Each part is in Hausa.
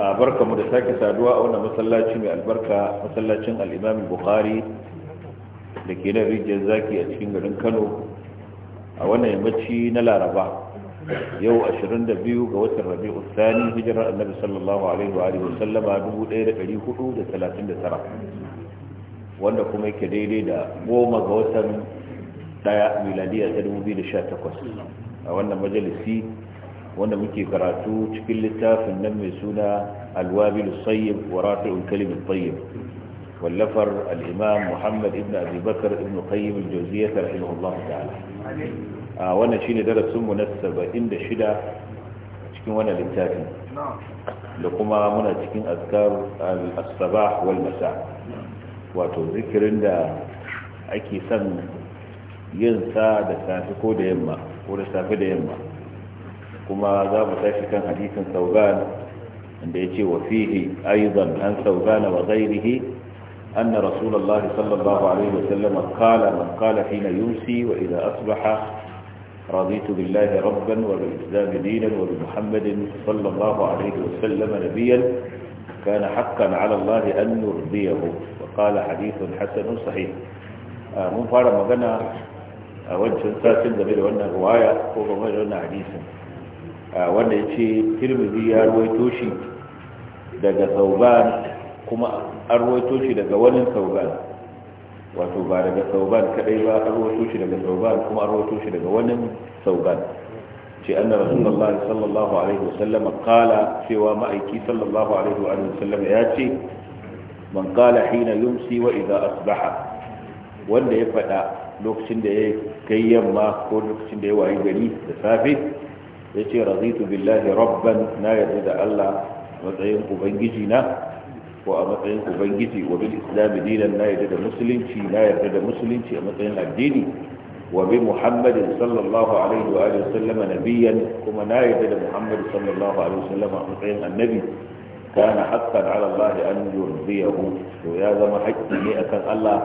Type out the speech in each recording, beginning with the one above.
a barka mu da sake saduwa a wannan masallaci mai albarka masallacin al'imamin bukhari da ke nan rijiyar zaki a cikin garin kano a wannan yammaci na laraba yau 22 ga watan rabi'u sani hijirar annabi sallallahu alaihi wa alihi wasallama 1439 wanda kuma yake daidai da goma ga watan daya miladiya ta 2018 a wannan majalisi wanda muke karatu cikin littafin nan mai suna alwabil sayyib wa rafi'ul kalim tayyib wallafar al-imam Muhammad ibn Abi Bakar ibn Qayyim al-Jawziyyah rahimahullah ta'ala a wannan shine darasin mu na 76 cikin wannan littafin da kuma muna cikin azkar al-sabah wal masa wato zikirin da ake son yin sa da safe ko da yamma ko da safe da yamma kuma za mu tashi kan hadisin sauban عند يجي وفيه أيضا عن ثوبان وغيره أن رسول الله صلى الله عليه وسلم قال من قال حين يمسي وإذا أصبح رضيت بالله ربا وبالإسلام دينا وبمحمد صلى الله عليه وسلم نبيا كان حقا على الله أن يرضيه وقال حديث حسن صحيح من فارم مغنى وجه ساسل دبير وأنه رواية وأنه حديث Ah, wanda ya ce tirmidhi ya ruwaito shi daga sauban kuma an ruwaito shi daga wani sauban wato ba daga sauban kadai ba an ruwaito shi daga sauban kuma an ruwaito shi daga wani sauban ce anna rasulullahi sallallahu alaihi wasallam qala cewa ma'aiki sallallahu alaihi wa sallam ya ce man qala hina yumsi wa idha asbaha wanda ya fada lokacin da ya kai yamma ko lokacin da ya wayi gari da safe ya ce razitu billahi rabban na yarda da Allah matsayin ubangiji na ko a matsayin ubangiji wa bil islam dinan na yarda da musulunci na yarda da musulunci a matsayin addini wa bi muhammadin sallallahu alaihi wa alihi sallama kuma na da sallallahu alaihi sallama a matsayin annabi kana haqqan ala allah an yurdiyahu to ya zama haƙƙi ne akan Allah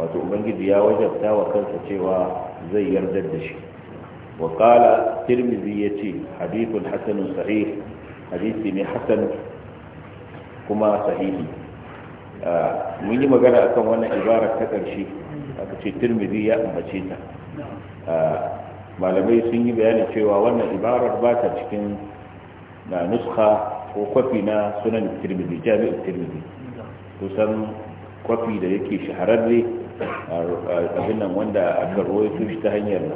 wato ubangiji ya wajabta wa kansa cewa zai yarda da shi وقال الترمذي يتي حديث حسن صحيح حديث حسن كما صحيح mun yi magana akan wannan ibarar ta ƙarshe aka ce tirmidhi ya ambace ta malamai sun yi bayani cewa wannan ibarar bata cikin na nuska ko kwafi na sunan tirmidhi jami'in tirmidhi kusan kwafi da yake shahararre abin nan wanda aka rawaito shi ta hanyar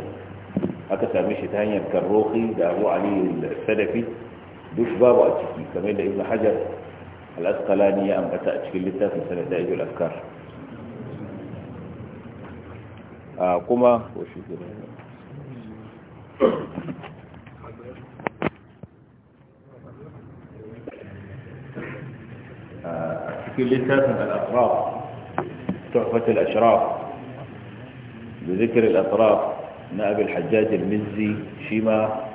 aka same shi ta hanyar karrohi da abu ali sadafi duk babu a ciki kamar da ibn hajar al-asqalani ya ambata a cikin littafin sanad da ijul afkar a kuma a cikin littafin al tuhfatul ashraf بذكر الأطراف na abin hajjajin mizzi shi ma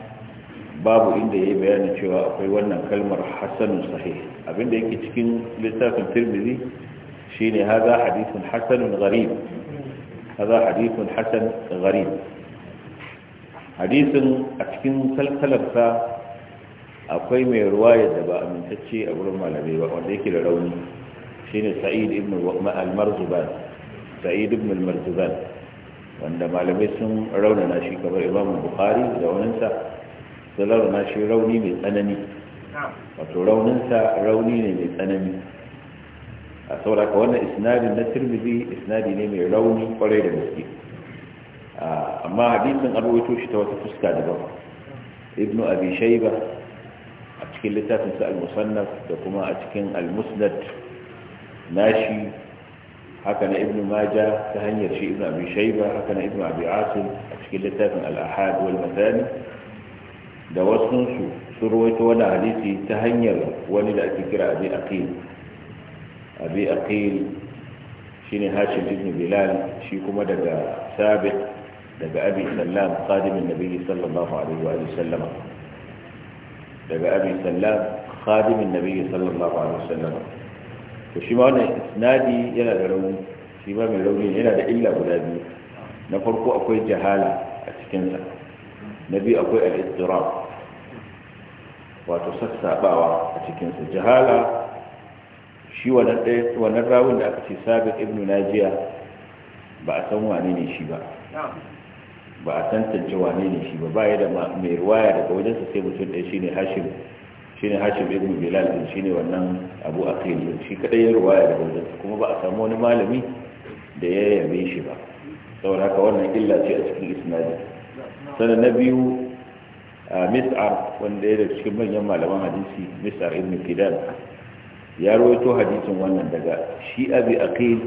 babu inda ya yi bayani cewa akwai wannan kalmar hassanun sahih abinda yake cikin littafin tirmizi shi ne haza hadithun hassanun gharib haza hadithun hassan gharib hadisin a cikin kalkalarsa akwai mai ruwaya da ba amintacce a wurin malamai ba wanda yake da rauni shi ne sa'id ibn al-marzubani sa'id ibn al-marzubani wanda malamai sun raunana shi kamar imam bukhari da waninsa sun raunana shi rauni mai tsanani wato rauninsa rauni ne mai tsanani a sauraka wannan isnadin na tirmidhi isnadi ne mai rauni kwarai da gaske amma hadisin an rawaito shi ta wata fuska daban ibnu abi shayba a cikin littafin sa al-musannaf da kuma a cikin al-musnad nashi haka na ibn maja ta hanyar shi ibn abi shaiba haka na ibn abi asim a cikin littafin al-ahad wal matani da wasu su sun rawaito wani hadisi ta hanyar wani da ake kira abi aqil abi aqil shine hashim ibn bilal shi kuma daga sabit daga abi sallam qadimin nabiyyi sallallahu alaihi wa sallama daga abi sallam qadimin nabiyyi sallallahu alaihi wa sallama to shi ma wannan isnadi yana da rauni shi ma mai rauni yana da illa guda biyu na farko akwai jahala a cikinsa na biyu akwai al-istirab wato sassabawa a cikinsa jahala shi wannan rawun da aka ce sabit ibn najiya ba a san wane ne shi ba ba a san tantance wane ne shi ba ba ya da mai ruwaya daga wajensa sai mutum ɗaya shine hashim shine hashim ibn bilal din shine wannan abu aqil shi kadai ya ruwaya da wajen kuma ba a samu wani malami da ya yabe shi ba saboda haka wannan illa ce a cikin isnadi sanan na biyu mis'ar wanda ya daga cikin manyan malaman hadisi mis'ar ibn kidan ya rawaito hadisin wannan daga shi abi aqil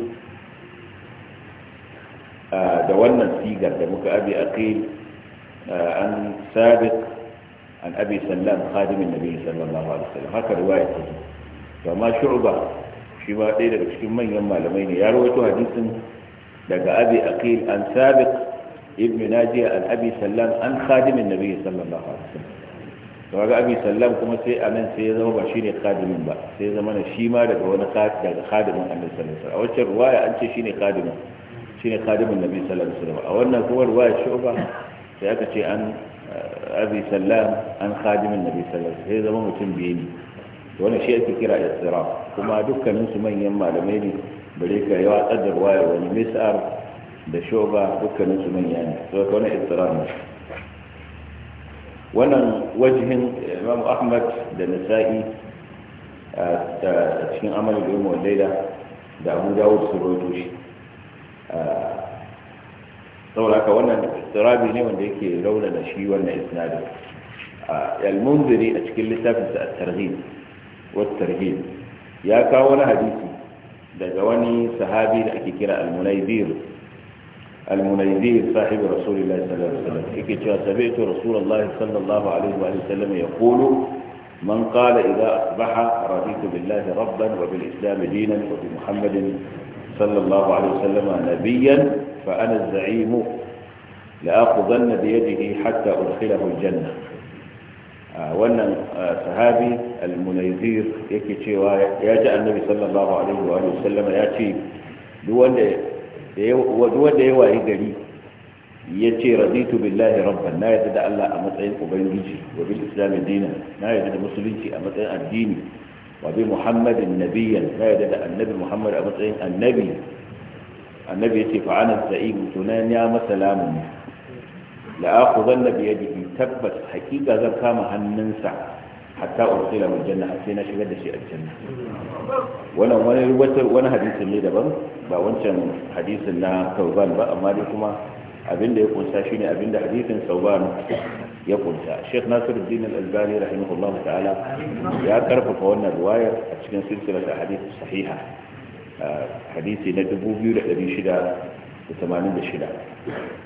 da wannan sigar da muka abi aqil an sabiq an abi sallam khadimin nabi sallallahu alaihi wasallam haka riwaya ce to amma shu'ba shi ma ɗaya daga cikin manyan malamai ne ya rawaito hadisin daga abi aqil an sabiq ibn najiya an abi sallam an khadimin nabi sallallahu alaihi wasallam to ga abi sallam kuma sai anan sai ya zama ba shine khadimin ba sai ya zama na shi ma daga wani daga khadimin annabi sallallahu a wacce riwaya an ce shine khadimin shine sallallahu alaihi a wannan sai aka ce an abi sallam an khadimin nabi sallallahu alaihi sai zama mutum biyu ne wannan shi ake kira istiraf kuma dukkanin su manyan malamai ne bare ka yawa tsadar waya wani mis'ar da shoba dukkanin su manya ne so ka wannan istiraf ne wannan wajihin imam ahmad da nasa'i a cikin amalin ilmu laila da abu dawud su rojo shi saboda haka wannan istirabi ne wanda yake da shi wannan isnadin al-munziri a cikin littafin sa at-targhib wa targhib ya kawo wani hadisi daga wani sahabi da ake kira al-munaydir al-munaydir sahib rasulullahi sallallahu alaihi wasallam yake cewa sabitu rasulullahi sallallahu alaihi wa sallam ya yaqulu من قال إذا أصبح رضيت بالله ربا وبالإسلام دينا وبمحمد صلى الله عليه وسلم نبيا فأنا الزعيم لأخذن بيده حتى أدخله الجنة wannan sahabi almunazir munayzir yake cewa ya ji annabi sallallahu alaihi wa sallama ya ce duk wanda ya waye gari ya ce raditu billahi rabban na yadda da Allah a matsayin ubangiji wa bil islami dina na yadda da musulunci a matsayin addini wa bi nabiyyan na yadda da annabi muhammad a matsayin annabi annabi ya ce fa ana sa'ibu to ya masa lamun la akhudhanna bi yadihi tabbas hakika zan kama hannunsa hatta ursila min janna sai na shigar da shi a wannan wani wata wani hadisin ne daban ba wancan hadisin na Tawban ba amma dai kuma abinda ya kunsa shine abinda hadisin Tawban ya kunsa Sheikh Nasiruddin Al-Albani rahimahullahu ta'ala ya karfafa wannan riwayar a cikin silsilar hadisi sahiha hadisi na 2686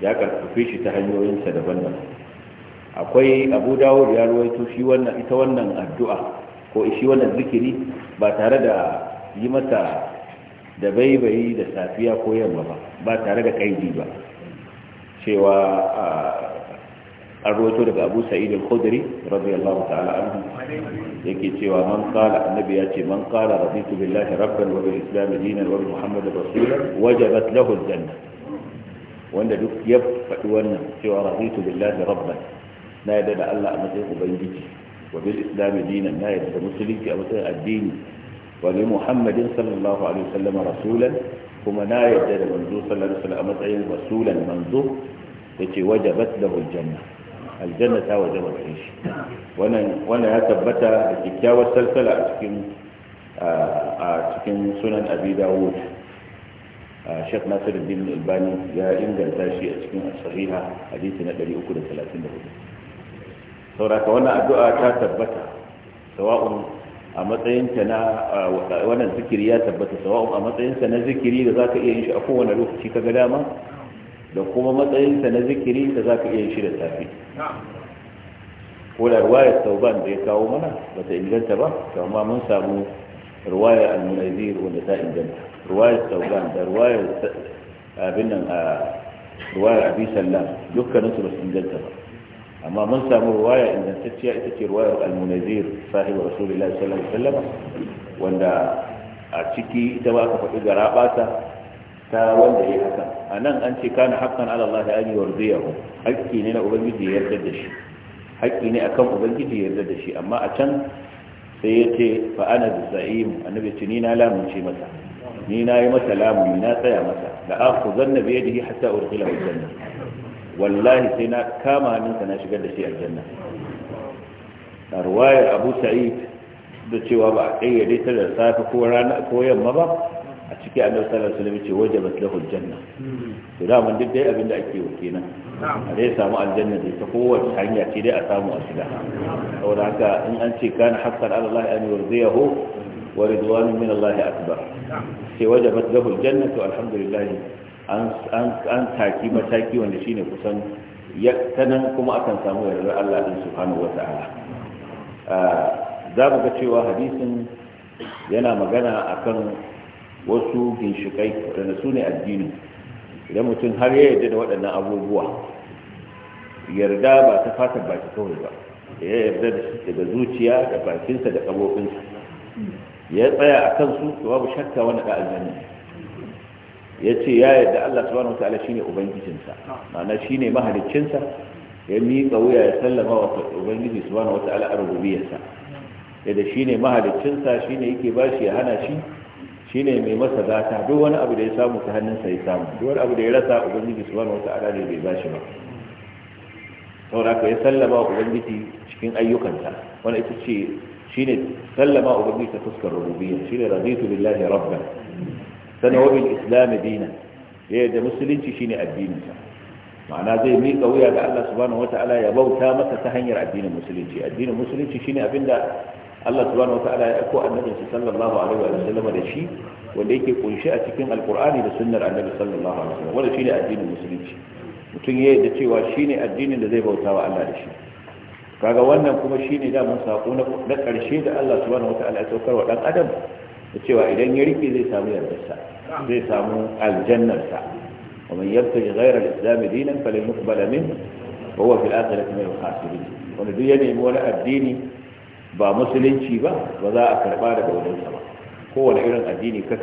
ya karfafe shi ta hanyoyinsa daban-daban akwai abu dawud ya ruwaito shi wannan ita wannan addu'a ko shi wannan zikiri ba tare da yi masa da baibayi da safiya ko yamma ba ba tare da kaidi ba cewa an rawaito daga abu sa'id al-khudri radiyallahu ta'ala anhu yake cewa man qala annabi ya ce man qala raditu billahi rabban wa bil islam dinan wa bi muhammadin rasulan wajabat lahu al-janna wanda duk ya faɗi wannan cewa raditu billahi rabban na yadda da Allah a matsayin ubangiji wa bil islam dinan na yadda da musulunci a matsayin addini wa bi muhammadin sallallahu alaihi wasallam rasulan kuma na yadda da manzo sallallahu alaihi wasallam a matsayin rasulan manzo yace wajabat lahu al-janna aljanna ta waje bakin shi wannan ya tabbata da kyakkyawar salsala a cikin a cikin sunan abi dawud shek nasiru bin albani ya inganta shi a cikin sahiha hadisi na 334 sauraka wannan addu'a ta tabbata sawa'un a matsayin ta na wannan zikiri ya tabbata sawa'un a matsayin ta na zikiri da zaka iya yin shi a kowane lokaci ka ga dama da kuma matsayinsa na zikiri da za ka iya shi da safe ko da ruwayar tauban da ya kawo mana ba ta inganta ba to mun samu ruwayar al-munazir wanda ta inganta ruwayar tauban da ruwayar abin nan a ruwayar abi sallam dukkanin su ba su inganta ba amma mun samu ruwaya ingantacciya ita ce ruwayar al-munazir sahibi rasulullahi sallallahu alaihi wasallam wanda a ciki ita ba ka faɗi garabata ta wanda ya haka a nan an ce kana haƙƙan ala Allah an yardiyahu haƙƙi ne na ubangiji ya yarda da shi haƙƙi ne akan ubangiji ya yarda da shi amma a can sai ya ce fa ana za'im annabi ce ni na lamunce masa ni na yi masa lamuni na tsaya masa la akhuzanna bi yadihi hatta urkhila bil janna wallahi sai na kama hannunsa na shigar da shi aljanna a ruwayar abu sa'id da cewa ba a ƙayyade ta da safe ko rana ko yamma ba a ciki annabi sallallahu alaihi wasallam ce wajabat lahu aljanna to da mun duk dai abin da ake wa kenan a dai samu aljanna dai ta kowace hanya ce dai a samu a shiga saboda haka in an ce kana haqqan ala Allah an yurdiyahu wa ridwanun min Allah akbar ce wajabat lahu aljanna to alhamdulillah an an an taki mataki wanda shine kusan ya tanan kuma akan samu yardar Allah din subhanahu wata'ala ah, za mu ga cewa hadisin yana magana akan wasu ginshikai da su ne addini idan mutum har ya yarda da waɗannan abubuwa yarda ba ta fata ba baki kawai ba ya yarda daga zuciya da bakinsa da ƙabobinsa ya tsaya a kansu da babu shakka wani da aljanna ya ce ya yarda Allah subhanahu wataala shine ubangijinsa ma'ana shine mahaliccinsa ya miƙa wuya ya sallama wa ubangiji subhanahu wataala a rububiyarsa yadda shine mahaliccinsa shine yake bashi ya hana shi Shi ne mai masa gata duk wani abu da ya samu ta hannunsa ya samu duk wani abu da ya rasa ubangiji subhanahu wata'ala ne bai ba shi ba saboda ka ya sallama ubangiji cikin ayyukanta, wani ita ce shi ne sallama ubangiji ta fuskar rububiyya shine raditu billahi rabban sanawa bil islam dina. yayin da musulunci shi ne addininsa ma'ana zai miƙa wuya ga Allah subhanahu wata'ala ya bauta masa ta hanyar addinin musulunci addinin musulunci shine abinda Allah subhanahu wataala ya aiko annabin sallallahu alaihi wa sallam da shi wanda yake kunshi a cikin alqur'ani da sunnar annabi sallallahu alaihi wa sallam wanda shine addinin musulunci mutum ya yarda cewa shine addinin da zai bauta wa Allah da shi kaga wannan kuma shine da mun sako na karshe da Allah subhanahu wataala ya saukar wa dan adam da cewa idan ya rike zai samu yardarsa zai samu aljannarsa wa man yabtaji ghayra al-islam dinan falan yuqbala minhu wa huwa fil akhirati min al-khasirin wanda duk ya nemi wani addini ba musulunci ba ba za a karba daga wajensa ba kowane irin addini ka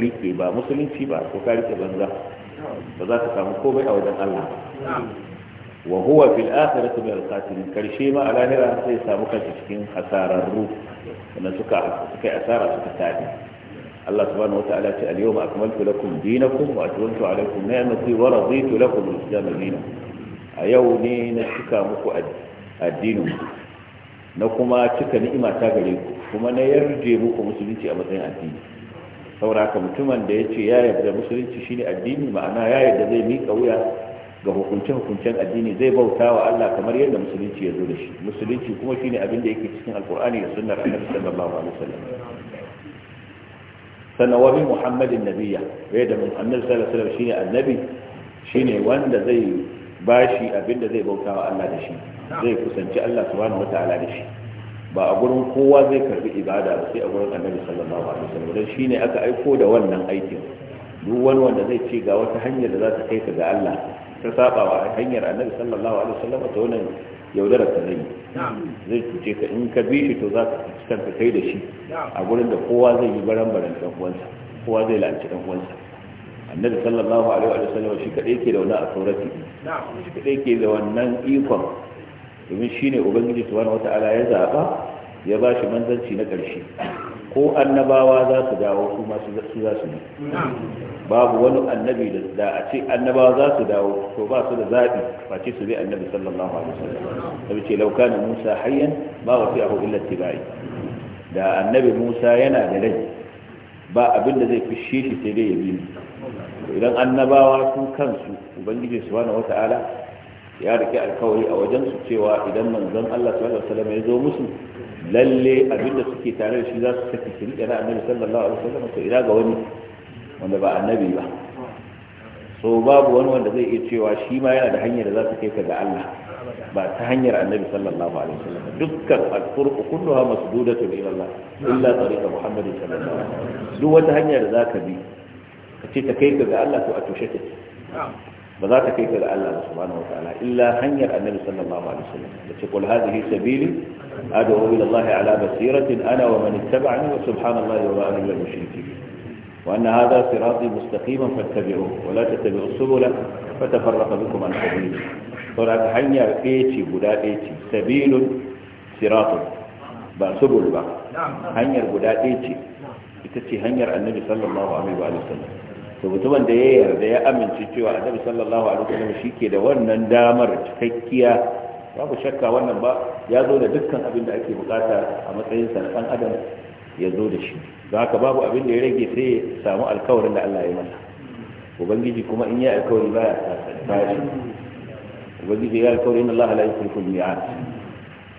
rike ba musulunci ba ko ka rike banza ba za ka samu komai a wajen Allah wa huwa fil akhirati min al-khasirin karshe ma a lahira sai samu kansa cikin hasararru Wannan suka suka asara suka tabi Allah subhanahu wataala ce al-yawma akmaltu lakum dinakum wa atmamtu alaykum ni'mati wa raditu lakum al-islam dinan a yau ne na cika muku addinin na kuma cika ni'ima ta gare ku kuma na yarje muku musulunci a matsayin addini sauraka mutumin da ya ce ya yarda musulunci shine addini ma'ana ya yarda zai miƙa wuya ga hukunce hukuncen addini zai bauta wa Allah kamar yadda musulunci ya zo da shi musulunci kuma shine abin da yake cikin alkur'ani da sunnar annabi sallallahu alaihi wasallam sannan wa bi muhammadin nabiyya bai da annabi sallallahu alaihi wasallam shine annabi shine wanda zai bashi abin da zai bauta wa Allah da shi zai kusanci Allah subhanahu wataala da shi ba a gurin kowa zai karbi ibada ba sai a gurin annabi sallallahu alaihi wasallam dan shine aka aiko da wannan aikin duk wani wanda zai ce ga wata hanyar da za ta kai ka ga Allah ta saba wa hanyar annabi sallallahu alaihi wasallam ta wannan yaudara ka zai zai cuce ka in ka bi shi to za ka kanka kai da shi a gurin da kowa zai yi baran baran dan uwansa kowa zai la'anci dan uwansa annabi sallallahu alaihi wasallam shi kadai ke da wannan authority shi kadai ke da wannan ikon domin shi ne ubangiji subhanahu wata'ala ya zaɓa ya ba shi manzanci na ƙarshe ko annabawa za su dawo su masu su za su ne babu wani annabi da a ce annabawa za su dawo to ba su da zaɓi ce su bi annabi sallallahu alaihi wasallam da ce lauka na musa hayyan ba wa fi abu illa tibai da annabi musa yana da rai ba abin da zai fishe shi sai dai ya bi ni idan annabawa su kansu ubangiji subhanahu wata'ala ya rike alkawari a wajen su cewa idan manzon Allah sallallahu alaihi wasallam ya zo musu lalle abin da suke tare da shi za su saki su rike na annabi sallallahu alaihi wasallam to ina ga wani wanda ba annabi ba so babu wani wanda zai iya cewa shi ma yana da hanyar da za su kai ka ga Allah ba ta hanyar annabi sallallahu alaihi wasallam dukkan al-furqu kulluha masdudatu ila Allah illa tariqa Muhammadin sallallahu alaihi wasallam duk wata hanyar da za ka bi ka ce ta kai ka ga Allah to a tushe take ba za ta kai ka ga Allah subhanahu wataala illa hanyar annabi sallallahu alaihi wasallam da ce kul hadhihi sabili ad'u ila Allah ala basiratin ana wa man ittaba'ani wa subhanallahi wa ma ana minal mushrikeen wa anna hadha sirati mustaqiman fattabi'uhu wa la tattabi'us subula fatafarraqa bikum an sabili saboda hanya ɗaya ce guda ɗaya ce sabilun siratun ba subul ba hanyar guda ɗaya ce ita ce hanyar annabi sallallahu alaihi wa sallam to mutumin da ya yarda ya amince cewa annabi sallallahu alaihi wasallam shike da wannan damar cikakkiya babu shakka wannan ba ya zo da dukkan abin da ake bukata a matsayin sa na dan adam ya zo da shi don haka babu abin da ya rage sai ya samu alkawarin da Allah ya masa ubangiji kuma in ya alkawari baya tashi ubangiji ya alkawari inna Allah la yukhlifu al-mi'ad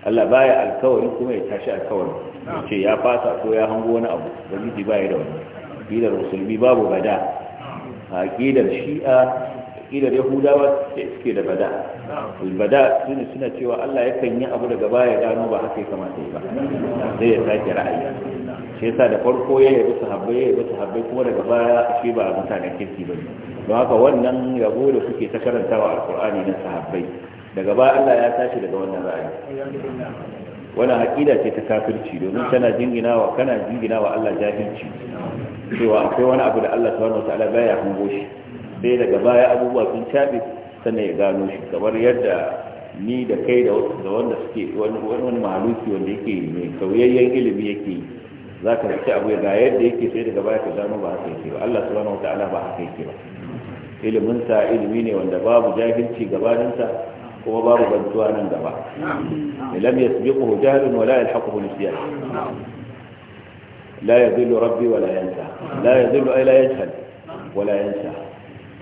Allah baya alkawari kuma ya tashi alkawari ce ya fasa ko ya hango wani abu ubangiji baya da wani bilar musulmi babu gada aƙidar shi'a aqidar yahudawa da suke da bada albada sune suna cewa Allah yakan yi abu daga baya gano ba haka ya kamata ba sai ya sake ra'ayi shi yasa da farko ya yabi sahabbai ya kuma daga baya shi ba mutanen kirki ba don haka wannan yabo da kuke ta karantawa al'kur'ani na sahabbai daga baya Allah ya tashi daga wannan ra'ayi wani haƙida ce ta kafirci domin tana jingina wa kana jingina wa Allah jahilci cewa akwai wani abu da Allah ta wani ta'ala baya hango shi sai daga baya abubuwa sun cabe sannan ya gano shi kamar yadda ni da kai da wanda suke wani mahaluki wanda yake mai sauyayyen ilimi yake za ka ci abu ga yadda yake sai daga baya ka gano ba haka yake ba Allah ta wani ta'ala ba haka yake ba iliminsa ilimi ne wanda babu jahilci gabaninsa kuma babu bantuwa nan gaba lam yasbiquhu jahlun wa la yalhaquhu nisyan la yadhillu rabbi wa la yansa la yadhillu ay la yajhal wa la yansa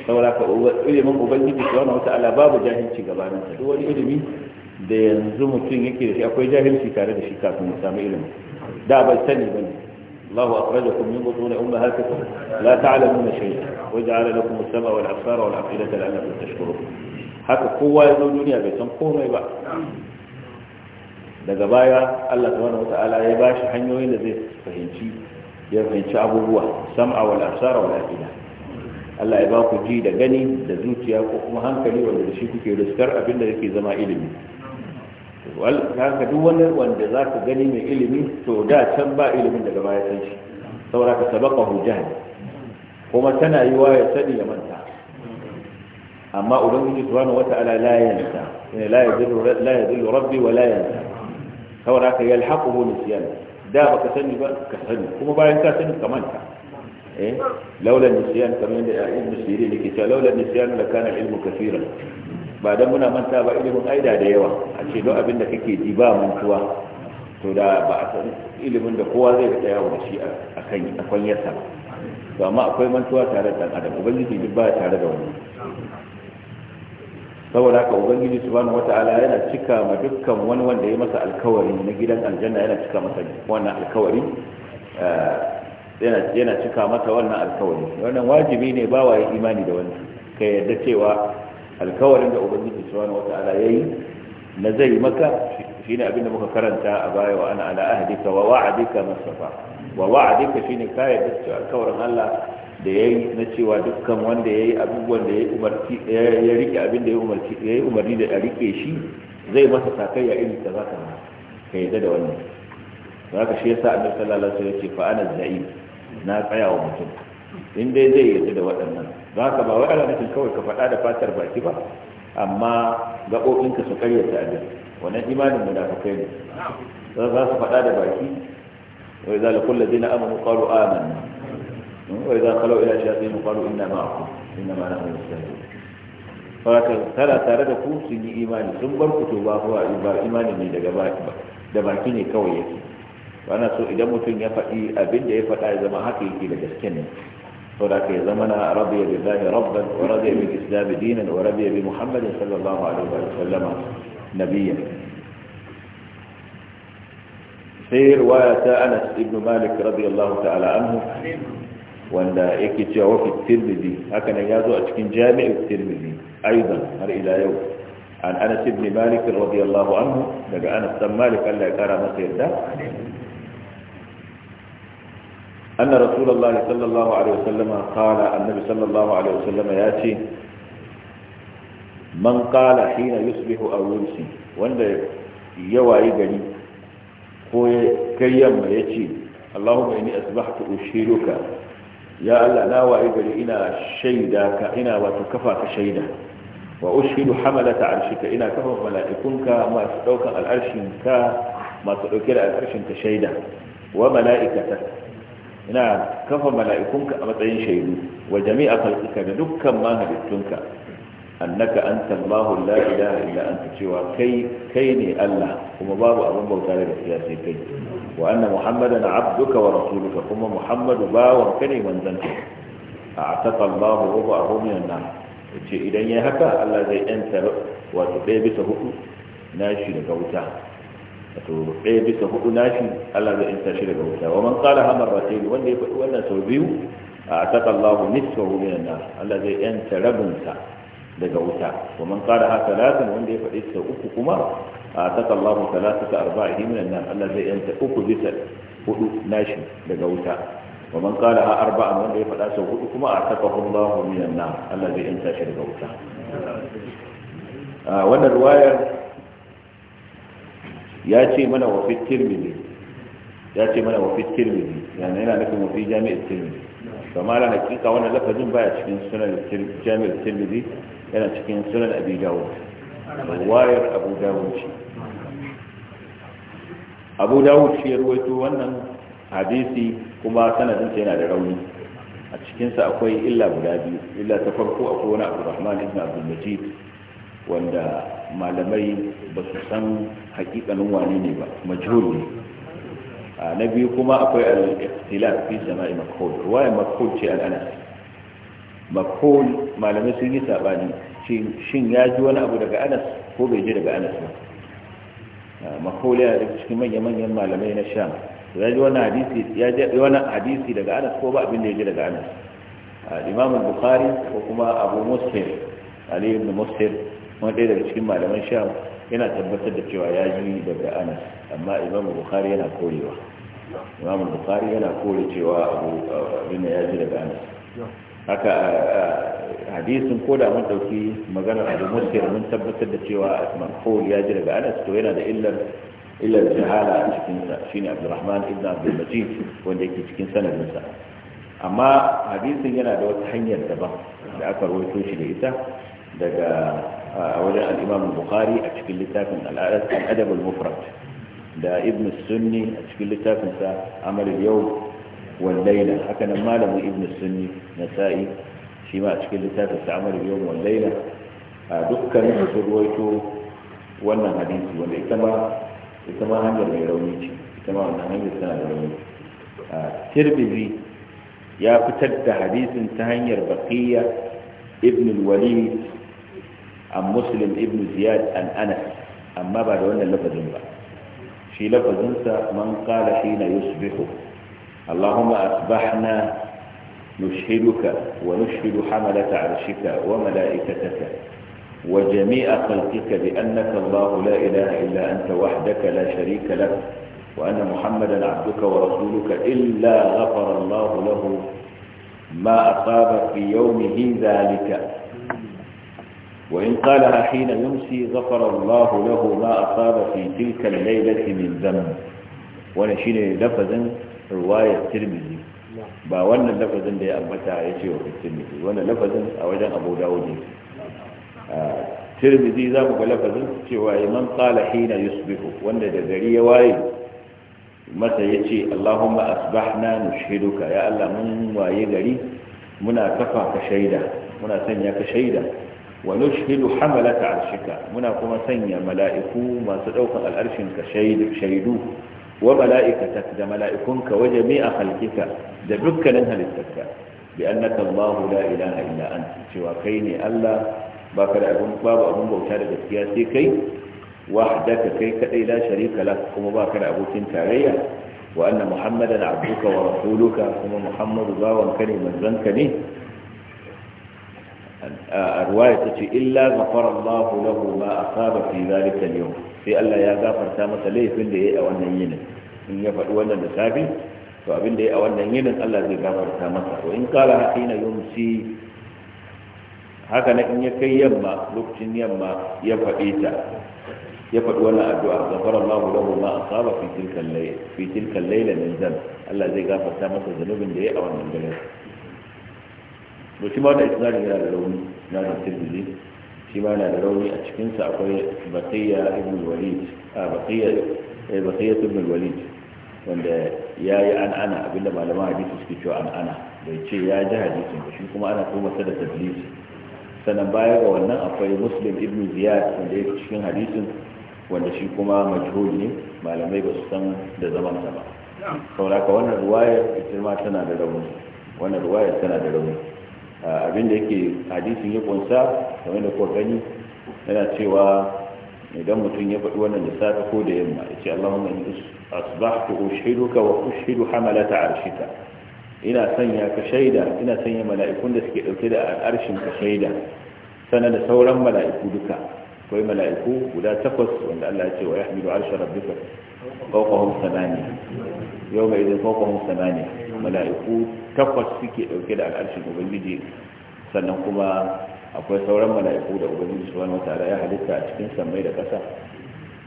saboda ka ilimin ubangiji subhanahu wa ta'ala babu jahilci gabanin sa duk wani ilimi da yanzu mutum yake da shi akwai jahilci tare da shi kafin ya samu ilimi da bai sani bane الله أخرجكم من بطون أمهاتكم لا تعلمون شيئا وجعل لكم السمع والأبصار والأفئدة لعلكم تشكرون haka kowa ya zo duniya bai san komai ba daga baya Allah subhanahu wata'ala ya bashi hanyoyin da zai fahimci ya fahimci abubuwa sam'a wal absara wal afida Allah ya ba ku ji da gani da zuciya ko kuma hankali wanda da shi kuke riskar abin da yake zama ilimi haka duk wani wanda za ka gani mai ilimi to da can ba ilimin daga baya san shi saboda ka sabaka hujjani kuma tana yiwa ya sani ya manta amma ubangiji subhanahu wata'ala la yansa ina la yadhillu la yadhillu rabbi wa la yansa saboda ka yalhaquhu nisyan da baka sani ba ka sani kuma bayan ka sani ka manta eh laula nisyan kamar da ibn sirin yake cewa laula nisyan la kana ilmu kaseeran ba dan muna manta ba ilimin aida da yawa a ce don abin da kake ji ba mantuwa to da ba a san ilimin da kowa zai fita yawo da shi a kan a kwanyarsa to amma akwai mantuwa tare da dan adam ubangiji duk ba tare da wani saboda haka ubangiji subhanahu wataala yana cika ma dukkan wani wanda ya masa alkawari na gidan aljanna yana cika masa wannan alkawari eh, yana cika mata wannan alkawari wannan wajibi ne ba waye imani da wani ka yadda cewa alkawarin da ubangiji subhanahu wataala yayi na zai maka shine abin da muka karanta a baya wa ana ala ahdika wa wa'adika masafa wa wa'adika shine ka yarda cewa alkawarin Allah da ya yi na cewa dukkan wanda ya yi abubuwan da ya rike abin da ya yi umarni da ya rike shi zai masa ya irin ta za ka ma ka yadda da wannan za ka shi yasa annabi sallallahu alaihi wasallam ya ce fa ana za'i na tsaya wa mutum in dai zai yadda da waɗannan za ka ba wai ana nufin kawai ka faɗa da fatar baki ba amma gaɓoɓinka su karyata abin wannan imanin kai ne za su faɗa da baki wai zalikun lazina ladina amanu qalu amanna وإذا خلوا إلى شياطين قالوا إنا معكم إنما نحن مستهدون فلكن ترى ترى تكون سن إيمان ثم بركتوا الله هو إيمان من جباك دماكيني كوية وأنا سوء دمتن يفئي أبن يفتع إذا ما حكي إلى جسكني ولكن زمنا رضي بالله ربا ورضي بالإسلام دينا ورضي بمحمد صلى الله عليه وسلم نبيا في رواية أنس ابن مالك رضي الله تعالى عنه wanda yake cewa wafi tirmidhi haka nan ya zo a cikin jami'in tirmidhi aidan har ila yau an anas ibn malik radiyallahu anhu daga anas dan malik Allah ya kara masa yarda anna rasulullah sallallahu alaihi wasallam qala annabi sallallahu alaihi wasallam ya ce man qala hina yusbihu aw yumsi wanda ya waye gari ko kai yamma yace allahumma inni asbahtu ushiruka ya Allah na waye gari ina shaida ka ina wato kafa ka shaida wa ushidu hamalata arshika ina kafa mala'ikunka masu daukan al'arshin ka masu dauke da al'arshin ka shaida wa mala'ikata ina kafa mala'ikunka a matsayin shaidu wa jami'a khalqika da dukkan ma halittunka annaka anta Allahu la ilaha illa anta cewa kai kai ne Allah kuma babu abin bauta da gaskiya kai Wa Muhammadan وأن محمدا عبدك ورسولك ثم محمد باور كني من ذنك أعتق الله a من nan. ce idan ya haka Allah zai yanta wato ɗaya bisa hudu nashi daga wuta wato ɗaya bisa hudu nashi Allah zai yanta shi daga wuta wa man qala hamar rasul wanda ya faɗi wannan sau biyu a ataka Allahu nisfahu min an-nar Allah zai yanta rabinsa daga wuta wa man qala haka lakin wanda ya faɗi sau uku kuma a taka Allahu salatata arba'ihi minan nar Allah zai yanta uku bisa hudu nashi daga wuta wa man qala ha arba'an wanda ya faɗa sau hudu kuma a taka Allahu minan nar Allah zai yanta shi daga wuta wannan ruwayar ya ce mana wa fi tirmidhi ya ce mana wa fi tirmidhi yana yana nufin wa fi jami'at tirmidhi kamar hakika wannan lafazin baya cikin sunan jami'at tirmidhi yana cikin sunan abi dawud wayar abu dawud ce abu dawud shi ya ruwaito wannan hadisi kuma sanadin yana da rauni a cikin sa akwai illa guda biyu illa ta farko akwai wani abu rahman ibn abdul majid wanda malamai ba su san hakikanin wani ne ba majhul ne na biyu kuma akwai al-ikhtilaf fi jama'i makhul ruwaya makhul ce al-anas makhul malamai sun yi sabani shin ya ji wani abu daga anas ko bai ji daga anas ba makauliya daga cikin manya-manyan malamai na sham ya ji wani hadisi ya ji wani hadisi daga anas ko ba abin da ya ji daga anas imam bukhari ko kuma abu muslim ali ibn muslim wani ɗaya daga cikin malaman sham yana tabbatar da cewa ya ji daga anas amma imam bukhari yana korewa imam bukhari yana kore cewa abu abin da ya ji daga anas haka hadisin ko da mun ɗauki maganar abu muskir mun tabbatar da cewa asman ya ji daga anas to yana da illar illar jahala a cikinsa shine abdurrahman ibn abdulmajid wanda yake cikin sa amma hadisin yana da wata hanyar daban da aka rawaito shi da ita daga wajen al-imam bukhari a cikin littafin al-adab al-mufrad da ibn sunni a cikin littafin sa amal yau wallaila haka nan malamin ibn sunni na sa'i shi a cikin littafin sa'amar yawon wallaila a dukkan su ruwaito wannan hadisi wanda ita ma ita ma hanyar mai rauni ce ita ma wannan hanyar tana da rauni a tirbizi ya fitar da hadisin ta hanyar baqiya ibn walid a muslim ibn ziyad an anas amma ba da wannan lafazin ba shi lafazinsa man kala shi na yusbihu اللهم أصبحنا نشهدك ونشهد حملة عرشك وملائكتك وجميع خلقك بأنك الله لا إله إلا أنت وحدك لا شريك لك وأن محمدا عبدك ورسولك إلا غفر الله له ما أصاب في يومه ذلك وإن قالها حين يمسي غفر الله له ما أصاب في تلك الليلة من ذنب ونشين لفظا ruwayar tirmidhi ba wannan lafazin da ya ambata ya ce wa tirmidhi wannan lafazin a wajen abu dawud ne tirmidhi za mu ga lafazin cewa man qala hina yusbihu wanda da gari ya waye masa ya ce allahumma asbahna nushhiduka ya allah mun waye gari muna kafa ka shaida muna sanya ka shaida wa nushhidu hamalata arshika muna kuma sanya mala'iku masu daukan al'arshin ka shaidu wa mala'ikatak da mala'ikunka wa jami'a halkika da dukkanin halittarka bi annaka Allahu la ilaha illa anta cewa kai ne Allah baka da abun babu abin bauta da gaskiya sai kai ka kai kaɗai la sharika lak kuma baka da abokin tarayya wa anna muhammadan abduka wa rasuluka kuma muhammadu bawanka ne manzanka ne الرواية تتي إلا غفر الله له ما أصاب في ذلك اليوم في ألا يا غفر تامة ليه في اللي أو النين إن يفعل ولا نسابي فأبن لي أو النين ألا ذي غفر تامة وإن قال حين يمسي هكذا إن يكي يما لكتن يما يفعيتا يفعل ولا أدعى غفر الله له ما أصاب في تلك الليل في تلك الليلة من ذنب ألا ذي غفر تامة ذنوب لي أو النين to shi ma da isnadin yana da rauni na da tirmidhi shi ma na da rauni a cikinsa akwai baqiya ibn walid a baqiya eh, baqiya ibn walid wanda yayi an ana abinda malaman hadisi suke cewa an ana bai ce ya ji hadisin ba shi kuma ana kuma sa da tadlis sannan baya ga wannan akwai muslim ibn ziyad wanda yake cikin hadisin wanda shi kuma majhul ne malamai ba su san da zaman sa ba saboda ka wannan ruwayar ita ma tana da rauni wannan ruwayar tana da rauni abin da yake hadisin ya kunsa kamar da kuwa gani yana cewa idan mutum ya faɗi wannan da safe ko da yamma ya ce Allahumma inni asbahtu ushiduka wa ushidu hamalata ta ina sanya ka shaida ina sanya mala'ikun da suke dauke da arshin ka shaida sanan da sauran mala'iku duka akwai mala'iku guda takwas wanda Allah ya ce wa yahmilu arsha rabbika fawqahum sanani yau mai zai fokon samani mala'iku takwas suke dauke da al'arshin ubangiji sannan kuma akwai sauran mala'iku da ubangiji su wani wata ya halitta a cikin sammai da ƙasa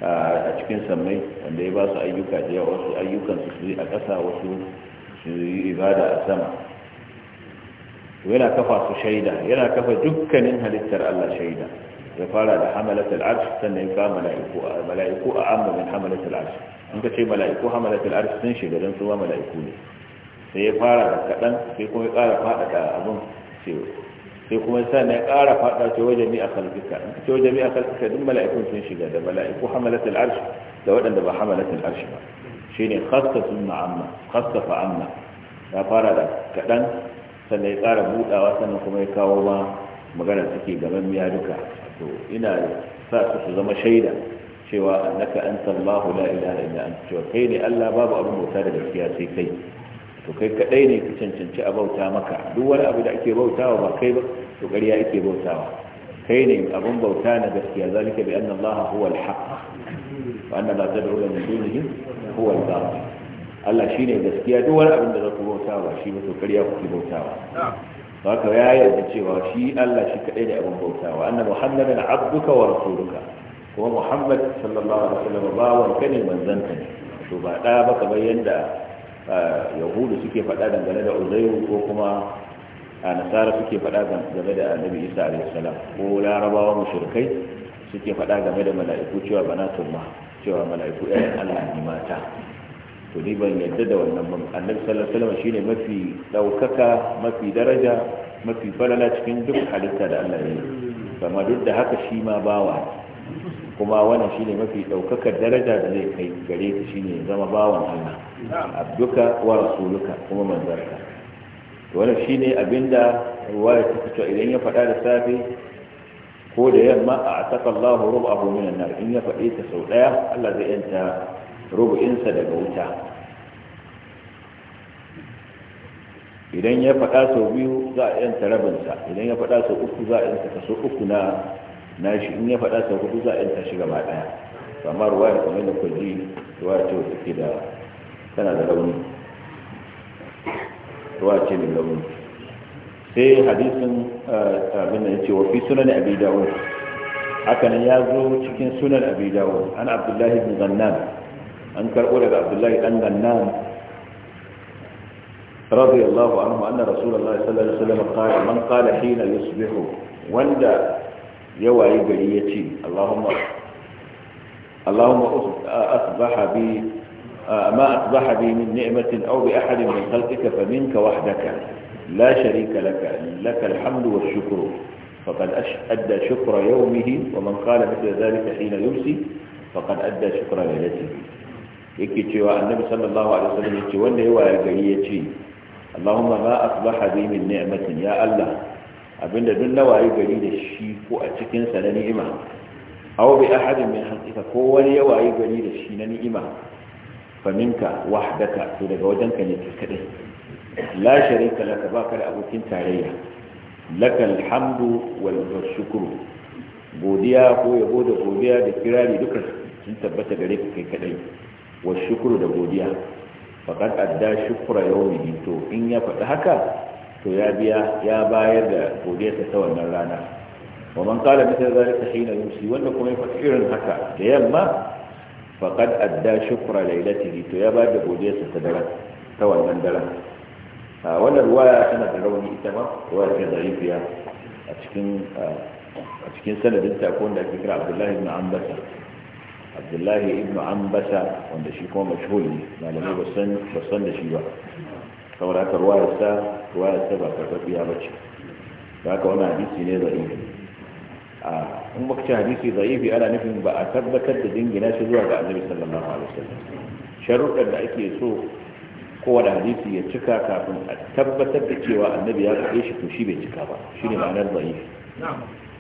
a cikin sammai wanda ya ba su ayyuka da yawa wasu ayyukan su yi a ƙasa wasu su yi ibada a sama yana kafa su shaida yana kafa dukkanin halittar allah shaida ya fara da hamalatul arsh sannan ya ka mala'iku mala'iku a amma min hamalatul arsh in ka ce mala'iku hamalatul arsh sun shiga dan su mala'iku ne sai ya fara da kadan sai kuma ya ƙara fada da abun sai kuma sannan ya ƙara fada ce wajen mi a kalbika in ka ce wajen mi a kalbika duk mala'ikun sun shiga da mala'iku hamalatul arsh da waɗanda ba hamalatul arsh ba shine khassa sunna amma khassa fa amma ya fara da kadan sannan ya ƙara budawa sannan kuma ya kawo ma magana take gaban miya duka to ina sa su su zama shaida cewa annaka anta Allah la ilaha illa anta cewa kai ne Allah babu abin bauta da gaskiya sai kai to kai kadai ne ka cancanci a bauta maka duk wani abu da ake bautawa ba kai ba to ƙarya ake bautawa kai ne abin bauta na gaskiya zalika bi anna Allah huwa al-haq wa anna la tad'u min dunihi huwa al-batil Allah shine gaskiya duk wani abin da zaku bautawa shi ba to ƙarya kuke bautawa haka ya yarda cewa shi Allah shi kadai da abin bautawa anna muhammadan abduka wa rasuluka kuma muhammad sallallahu alaihi wasallam bawan kane ne manzanka ne to ba da ba kamar yanda yahudu suke faɗa dangane da uzairu ko kuma a nasara suke faɗa game da annabi isa alaihi salam ko larabawa mushrikai suke faɗa game da mala'iku cewa bana banatullah cewa mala'iku ɗayan Allah ne mata to ni ban yadda da wannan ba annabi sallallahu alaihi shine mafi daukaka mafi daraja mafi falala cikin duk halitta da Allah ya yi amma duk da haka shi ma bawa kuma wannan shine mafi daukakar daraja da zai kai gare ta shine zama bawan Allah abduka wa rasuluka kuma manzarka to wannan shine abinda ruwaya ta fito idan ya faɗa da safe ko da yamma a ataka Allahu rubahu minan nar in ya faɗi ta sau daya Allah zai yanta rubu'insa daga wuta idan ya faɗa sau biyu za a yanta rabinsa idan ya faɗa sau uku za a yanta kaso uku na nashi in ya faɗa sau hudu za a yanta shi gaba ɗaya amma ya kamar da kwaji ruwa ce wata ke da tana da launi ruwa ce mai rauni sai hadisin eh, abin da ya ce wafi sunan abi dawud ya zo cikin sunan abi ana an abdullahi bin zannan an karɓo عبد الله أن النام رضي الله عنه أن رسول الله صلى الله عليه وسلم قال من قال حين يصبح وندى يوعي بريتي اللهم اللهم أصبح بي ما أصبح بي من نعمة أو بأحد من خلقك فمنك وحدك لا شريك لك لك الحمد والشكر فقد أدى شكر يومه ومن قال مثل ذلك حين يمسي فقد أدى شكر ليلته yake cewa annabi sallallahu alaihi wasallam yace wanda ya waya gari yace Allahumma ma asbaha bi min ni'matin ya Allah abinda duk na waye gari da shi ko a cikin sa na ni'ima aw bi ahadin min hakika ko wani ya waye gari da shi na ni'ima fa wahdaka to daga wajenka ne kadai la sharika laka baka da abokin tarayya laka alhamdu wal shukru godiya ko yabo da godiya da kirari duka sun tabbata gare ka kai kadai wa shukuru da godiya faƙad adda shukura yau to in ya faɗi haka to ya biya ya bayar da godiyarsa ta wannan rana wa man kala mita shi hina yusi wanda kuma ya faɗi irin haka da yamma faƙad adda shukura lailatihi to ya bayar da godiyarsa ta daren ta wannan daren a wannan ruwaya tana da rauni ita ma ruwaya ta zarifiya a cikin a cikin sanadin ta ko wanda ake kira Abdullahi ibn Ambasa abdullahi ibn ambasa wanda shi kuma mashhur ne malamai ba san san da shi ba saboda haka ruwayar sa ruwayar sa ba karfafiya ba ce da haka wani hadisi ne za'ifi a in muka ce hadisi za'ifi ana nufin ba a tabbatar da dingina shi zuwa ga annabi sallallahu alaihi wasallam sharuɗan da ake so kowane hadisi ya cika kafin a tabbatar da cewa annabi ya faɗe shi to shi bai cika ba shi ne ma'anar yi.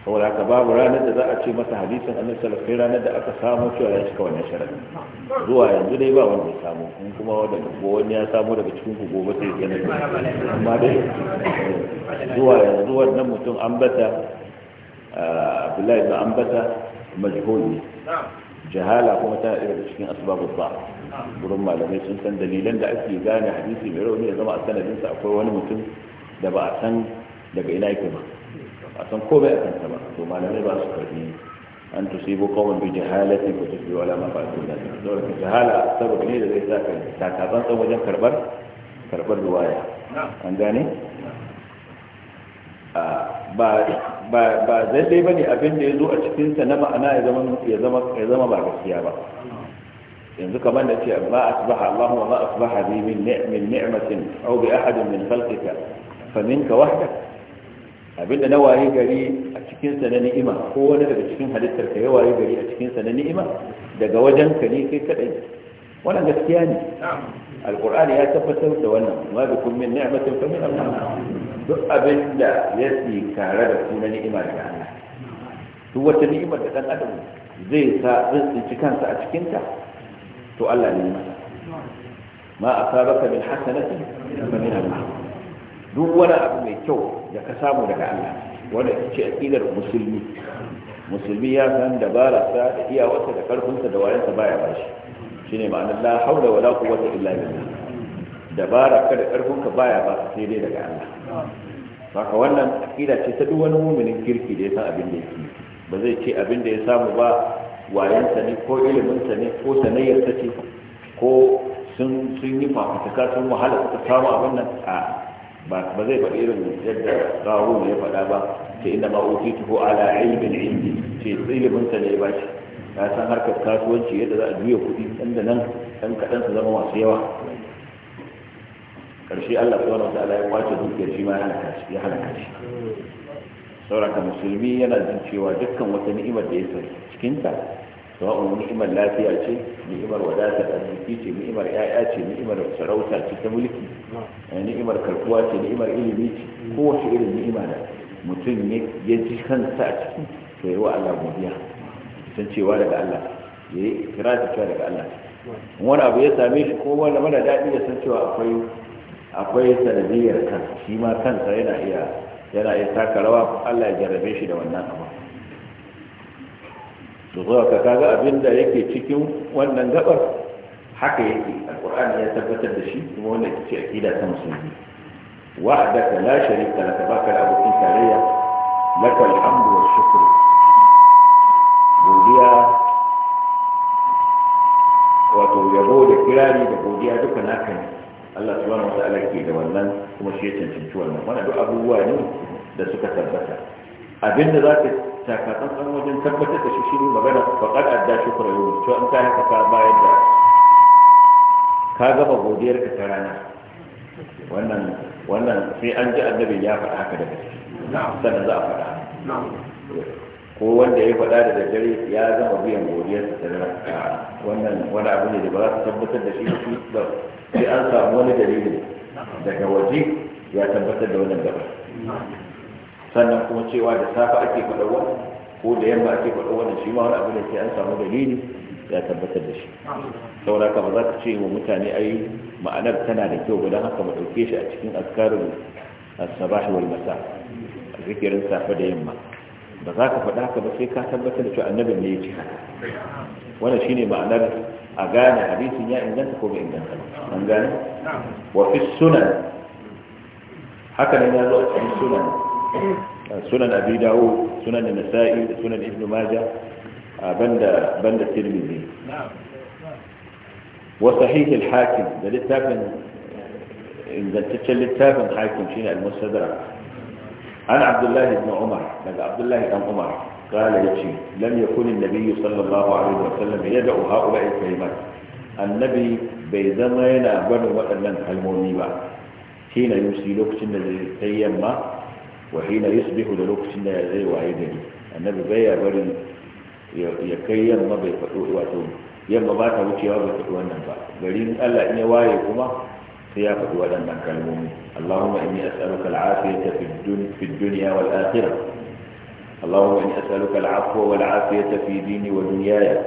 saboda haka babu ranar da za a ce masa hadisin annabi sallallahu alaihi ranar da aka samu cewa ya cika wannan sharadi zuwa yanzu dai ba wanda ya samu kun kuma wanda ko wani ya samu daga cikin ku gobe sai ya gani amma dai zuwa yanzu wannan mutum an bata Abdullahi ibn Ambata majhul ne jahala kuma ta ɗaya daga cikin asbabul ba gurin malamai sun san dalilan da ake gane hadisi mai rauni ya zama a sanadinsa akwai wani mutum da ba a san daga ina yake ba a san komai a kanta ba to malamai ba su karbi an tusibu kawon bi jahalati ko tusibu ala ma ba dole dole ka jahala saboda ne da zai sa ka takaban san wajen karbar karbar ruwaya an gane ba zai ba ne abin da ya zo a cikinsa na ma'ana ya zama ba gaskiya ba yanzu kamar da ce ma asbaha Allahu wa ma asbaha bi min ni'matin aw bi ahadin min khalqika fa minka wahdak abinda na waye gari a cikinsa na ni'ima ko wani daga cikin halittar ka ya waye gari a cikinsa na ni'ima daga wajen ka ne kai kadai wannan gaskiya ne alqur'ani ya tabbatar da wannan ma bi kun min ni'matin fa min Allah duk abinda ya tsikara da ku na ni'ima daga Allah duk wata ni'imar da dan adam zai sa tsinci kansa a cikinta to Allah ne ma asabaka min hasanatin fa min Allah duk wani abu mai kyau da ka samu daga Allah wanda ita ce aqidar musulmi musulmi ya san dabara dabararsa da iyawarsa da karfinsa da wayansa baya bashi shine ma'anar la haula wala quwwata illa billah dabararka da karfinka baya ba sai dai daga Allah haka wannan aqida ce ta duk wani mu'minin kirki da ya san abin da yake ba zai ce abin da ya samu ba wayansa ne ko iliminsa ne ko sanayyarsa ce ko sun yi fafutuka sun wahala suka samu abin nan a ba zai faɗi irin yadda qarun ya faɗa ba ce inda ma utituhu ala ilmin indi ce ilimin sa ne ba shi ya san harkar kasuwanci yadda za a juya kuɗi dan da nan dan kaɗan su zama masu yawa karshe Allah subhanahu wa ta'ala ya kwace dukiyar shi ma ya halaka shi sauraka musulmi yana jin cewa dukkan wata ni'imar da ya sauke cikinta sawa'un ni'imar lafiya ce ni'imar wadatar arziki ce ni'imar ya'ya ce ni'imar sarauta ce ta mulki eh, ni'imar karkuwa ce ni'imar ilimi ce kowace irin ni'ima da mutum ya ji kansa a ciki to yi wa Allah godiya san cewa daga Allah ya yi kira da cewa daga Allah wani abu ya same shi ko wani mana daɗi ya san cewa akwai akwai sanadiyar kan shi ma kansa yana iya yana iya taka rawa Allah ya jarrabe shi da wannan abu da zuwa ka kaga abin da yake cikin wannan gabar haka yake alqur'ani ya tabbatar da shi kuma wanda yake ce aqida ta musulmi wa'adaka la sharika laka baka da abokin tarayya laka alhamdu wa shukru godiya wato yabo da kirari da godiya duka naka ne Allah subhanahu wa ta'ala ke da wannan kuma shi ya cancanci wannan wannan duk abubuwa ne da suka tabbata abinda zaka takatsantsan wajen tabbatar da shi shi magana faƙar adda shi kura yau to an ta haka ka bayar da ka gama godiyar ka ta rana wannan wannan sai an ji annabi ya faɗa haka da gaske sannan za a faɗa ko wanda ya faɗa da daddare ya zama biyan godiyar ta rana wannan wani abu ne da ba za su tabbatar da shi shi ba sai an samu wani dalili daga waje ya tabbatar da wannan gaba sannan kuma cewa da safa ake faɗa wannan ko da yamma ake faɗa wannan shi ma wani abu da ke an samu dalili ya tabbatar da shi saboda haka ba za ka ce wa mutane ai ma'anar tana da kyau gudan haka mu ɗauke shi a cikin azkarun as-sabah wal masa zikirin safa da yamma ba za ka faɗa haka ba sai ka tabbatar da cewa annabi ne ya ce haka wannan shine ma'anar a gane hadisin ya inganta ko bai inganta ba an gane wa fi sunan haka ne na zo a cikin sunan سنن أبي داود سنن النسائي سنن ابن ماجه بند بند الترمذي نعم وصحيح الحاكم ده للتابع إن ده تتشل للتابع الحاكم شين المستدرة عن عبد الله بن عمر قال عبد الله بن عمر قال يتشي لم يكن النبي صلى الله عليه وسلم يدعو هؤلاء الكلمات النبي بيزمين أبن وأدن المونيبا حين يمسي لك سنة تيما وحين يصبح لوك سنة يزيه وعيدني النبي بايا بارن يكيا مبي فتوه واتون يما باتا وكي هو فتوه النبا بارن ألا إني وايكما فيا فتوه لنا كلموني اللهم إني أسألك العافية في, الدن في الدنيا والآخرة اللهم إني أسألك العفو والعافية في ديني ودنياي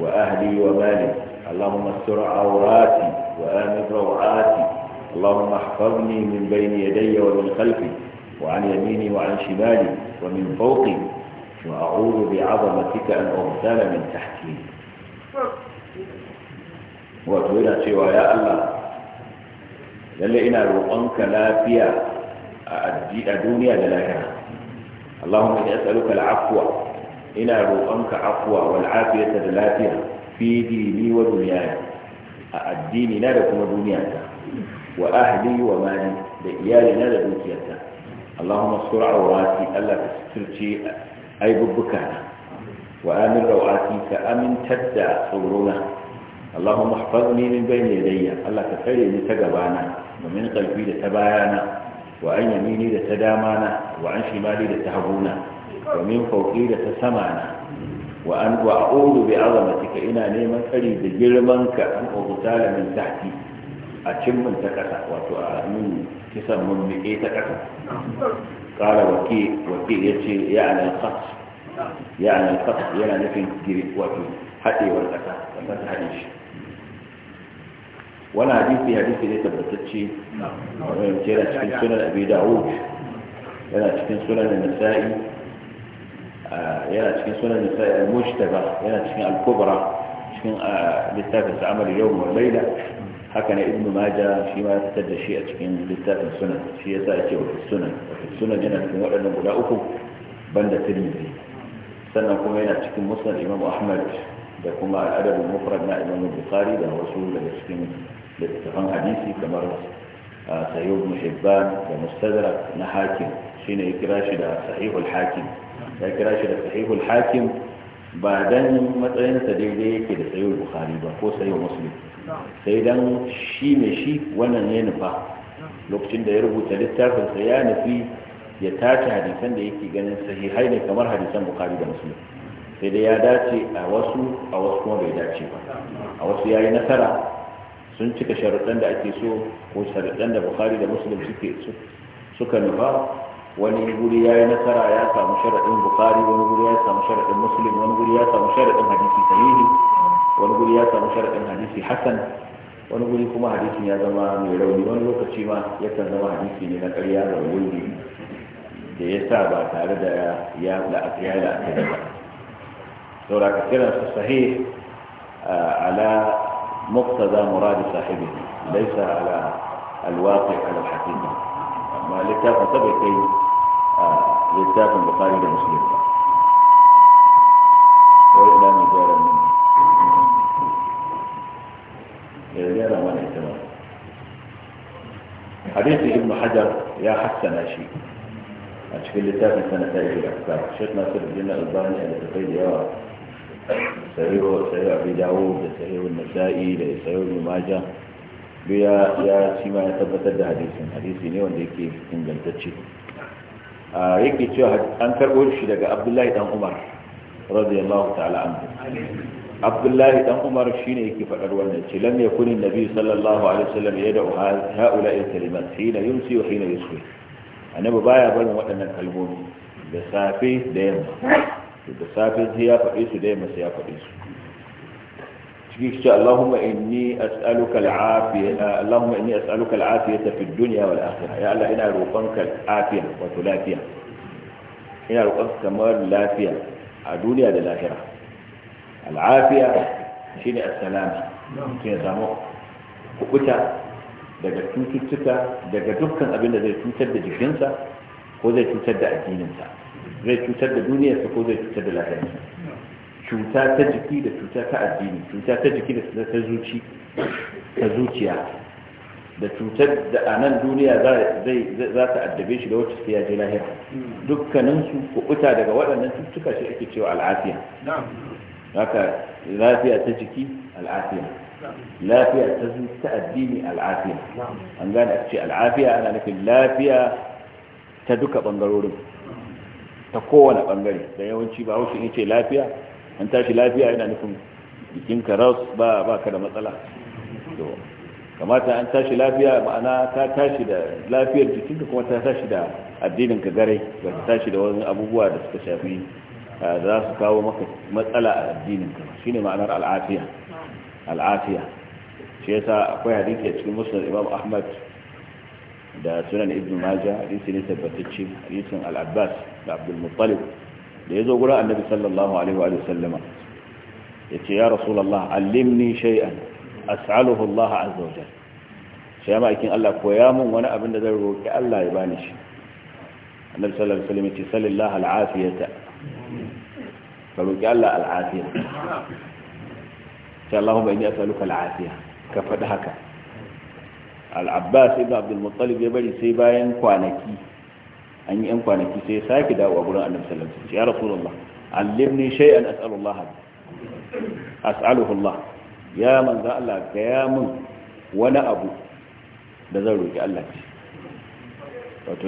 وأهلي ومالي اللهم استر عوراتي وآمن روعاتي اللهم احفظني من بين يدي ومن خلفي وعن يميني وعن شمالي ومن فوقي وأعوذ بعظمتك أن أغتال من تحتي وتولى سوى يا الله للي إنا روقنك لا فيها الدنيا للاهرة اللهم إني أسألك العفو إنا روقنك عفو والعافية للاتية في ديني ودنياي الدين نادكم دنياك وأهلي ومالي لإيالي نادى دوكيتك اللهم استر عوراتي ألا تسترجي أي ببكانا وآمن روعاتي كأمن تدع صبرنا اللهم احفظني من بين يدي ألا تفريني تقبانا ومن قلبي لتبايانا وعن يميني لتدامانا وعن شمالي لتهبونا ومن فوقي لتسمعنا وأن وأعوذ بعظمتك إنا نيما فريد جرمانك أن أغتال من تحتي أتم من تكسا وتؤمن kisan mummuke ta ƙasa ƙara wake ya ce ya alaƙas ya alaƙas yana nufin giri wato haɗewar ƙasa ƙasa ta haɗe shi wani hadisi hadisi ne tabbatacce wani yana cikin sunan abu da'ud yana cikin sunan nasa'i yana cikin sunan nasa'i al-mujtaba yana cikin al-kubra cikin littafin sa'amar yau wa laila haka na ibnu maja shi ma ya fitar da shi a cikin littafin sunan shi yasa ake wa sunan sunan yana cikin waɗannan guda uku banda tirmidhi sannan kuma yana cikin musnad imam ahmad da kuma al'adab mufrad na imam bukhari da wasu daga cikin littafan hadisi kamar ah, sayyid ibn hibban da mustadrak na hakim shine ya kira shi da sahihul hakim ya kira shi da sahihul hakim ba dan sa daidai yake da sayo bukhari ba ko sayo muslim sai dan shi mai shi wannan ne nufa lokacin da ya rubuta littafinsa ya nufi ya tace hadisan da yake ganin sahihai ne kamar hadisan bukhari da muslim sai dai ya dace a wasu a wasu kuma bai dace ba a wasu yayi nasara sun cika sharuɗan da ake so ko sharuɗan da bukhari da muslim suke suka nufa wani guri ya yi nasara ya samu sharaɗin bukari wani guri ya samu sharaɗin muslim wani guri ya samu sharaɗin hadisi sahihi wani guri ya samu sharaɗin hadisi hasan wani guri kuma hadisin ya zama mai rauni wani lokaci ma ya yakan zama hadisi ne na ƙarya da wuri da ya sa ba tare da ya la'akari ba saboda ka kiran su sahih ala مقتضى مراد صاحبه ليس على الواقع على الحقيقه ما لك فسبق littafin bukari da muslim ba wai ina mai gyara nan ya gyara mana ita ba hadisi ibn hajar ya hassana shi a cikin littafin sana ta yi aksa shek nasir bin albani a littafai da yawa sahihu sahihu abi dawud da sahihu nasa'i da sahihu majah duk ya ya shi ma ya tabbatar da hadisin hadisi ne wanda yake ingantacce yake cewa an karbo shi daga abdullahi dan umar radiyallahu ta'ala anhu abdullahi dan umar shi ne yake fadar wannan ce lam kuni annabi sallallahu alaihi wasallam yad'u haula ya kalimat hina yumsi wa hina yusbi annabi baya barin waɗannan kalmomi da safe da yamma da safe sai ya faɗi su da yamma sai ya faɗi su cikin shi Allahumma inni as'aluka al'afiya ya Allah ina kamar lafiya a duniya da lahira al'afiya shine kubuta daga cututtuka daga dukkan abin da zai cutar da jikinsa ko zai cutar da addininsa zai cutar da duniyarsa ko zai cutar da cuta ta jiki da cuta ta addini cuta ta jiki da cuta ta zuci ta zuciya da cutar da a nan duniya za ta addabe shi da wacce sai ya je lahira dukkanin su kuɓuta daga waɗannan cututtuka shi ake cewa al'afiya haka lafiya ta jiki al'afiya lafiya ta ta addini al'afiya an gane a ce al'afiya ana nufin lafiya ta duka ɓangarorin ta kowane ɓangare da yawanci ba wasu in ce lafiya an tashi lafiya yana nufin jikinka ras ba ba ka da matsala to kamata an tashi lafiya ma'ana ta tashi da lafiyar jikinka kuma ta tashi da addinin ka gare ba ta tashi da wani abubuwa da suka shafi za su kawo maka matsala a addinin ka shine ma'anar al'afiya al'afiya shi yasa akwai hadisi a cikin musnad imam ahmad da sunan ibn majah hadisi ne tabbatacce hadisin al-abbas da abdul muttalib da yazo gurin annabi sallallahu alaihi wa sallama yace ya rasulullah allimni shay'an as'aluhu Allah azza wa jalla sai ma ikin Allah koya mun wani abin da zan roki Allah ya bani shi annabi sallallahu alaihi wa sallam yace sallallahu al'afiyata ka roki Allah al'afiya sai Allahumma inni as'aluka al'afiya ka faɗi haka al-Abbas ibn Abdul Muttalib ya bari sai bayan kwanaki an yi 'yan kwanaki sai ya sake dawo a gurin annabi sallallahu alaihi wasallam ya rasulullah allimni shay'an as'alullah as'aluhu ya manzo Allah ga ya mun wani abu da zan roki Allah ce wato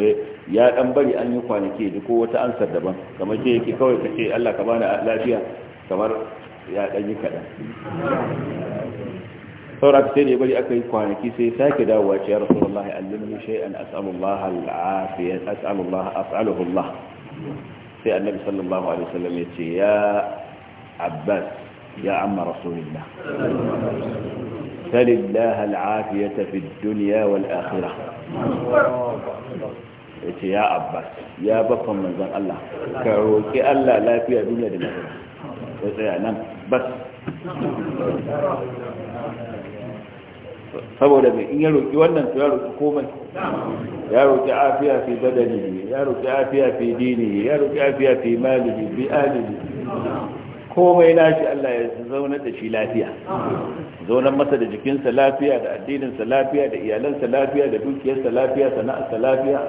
ya dan bari an yi kwanaki da ko wata ansar daban kamar ke yake kawai kace Allah ka bani lafiya kamar ya dan yi kadan فورك سيدي يقول أكي كوانكي سيساك داوات يا رسول الله علمني شيئا أسأل الله العافية أسأل الله أفعله الله في النبي صلى الله عليه وسلم يتي يا عباس يا عم رسول الله فلله العافية في الدنيا والآخرة يتي يا عباس يا بطا من ذن الله كعوكي ألا لا في الدنيا دنيا بس يعني بس saboda mai in ya roƙi wannan to ya roƙi komai ya roƙi afiya fi badani ya roƙi afiya fi dini ya roƙi afiya fi malihi fi ahlihi komai nashi Allah ya zauna da shi lafiya zaunan masa da jikinsa lafiya da addininsa lafiya da iyalansa lafiya da dukiyarsa lafiya sana'arsa lafiya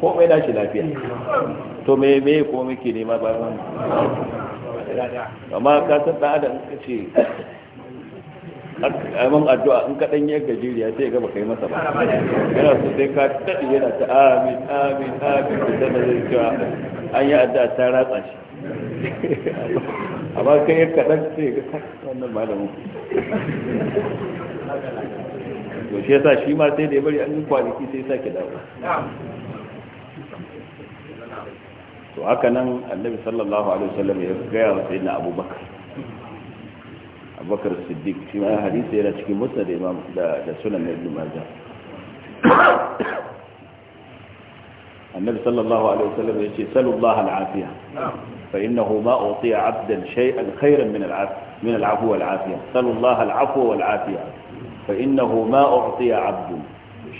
komai nashi lafiya to me me ko muke nema ba wannan amma ka san da adam ka ce amin addu'a in ka dan yi gajeriya sai ga baka yi masa ba yana su sai ka tadi yana ta amin amin amin da da zai cewa an yi addu'a ta ratsa shi amma kai ya kaɗan sai ga wannan malamin to shi yasa shi ma sai da ya bari an yi kwanaki sai sake dawo to haka nan annabi sallallahu alaihi wasallam ya gaya wa sayyidina abubakar abubakar siddiq shi ma hadisi yana cikin musa da imam da sunan ibn majah annabi sallallahu alaihi wasallam ya ce sallallahu al'afiya fa innahu ma utiya 'abdan shay'an khayran min al'af min al'afu wal 'afiya sallallahu al'afu wal 'afiya fa innahu ma utiya 'abdun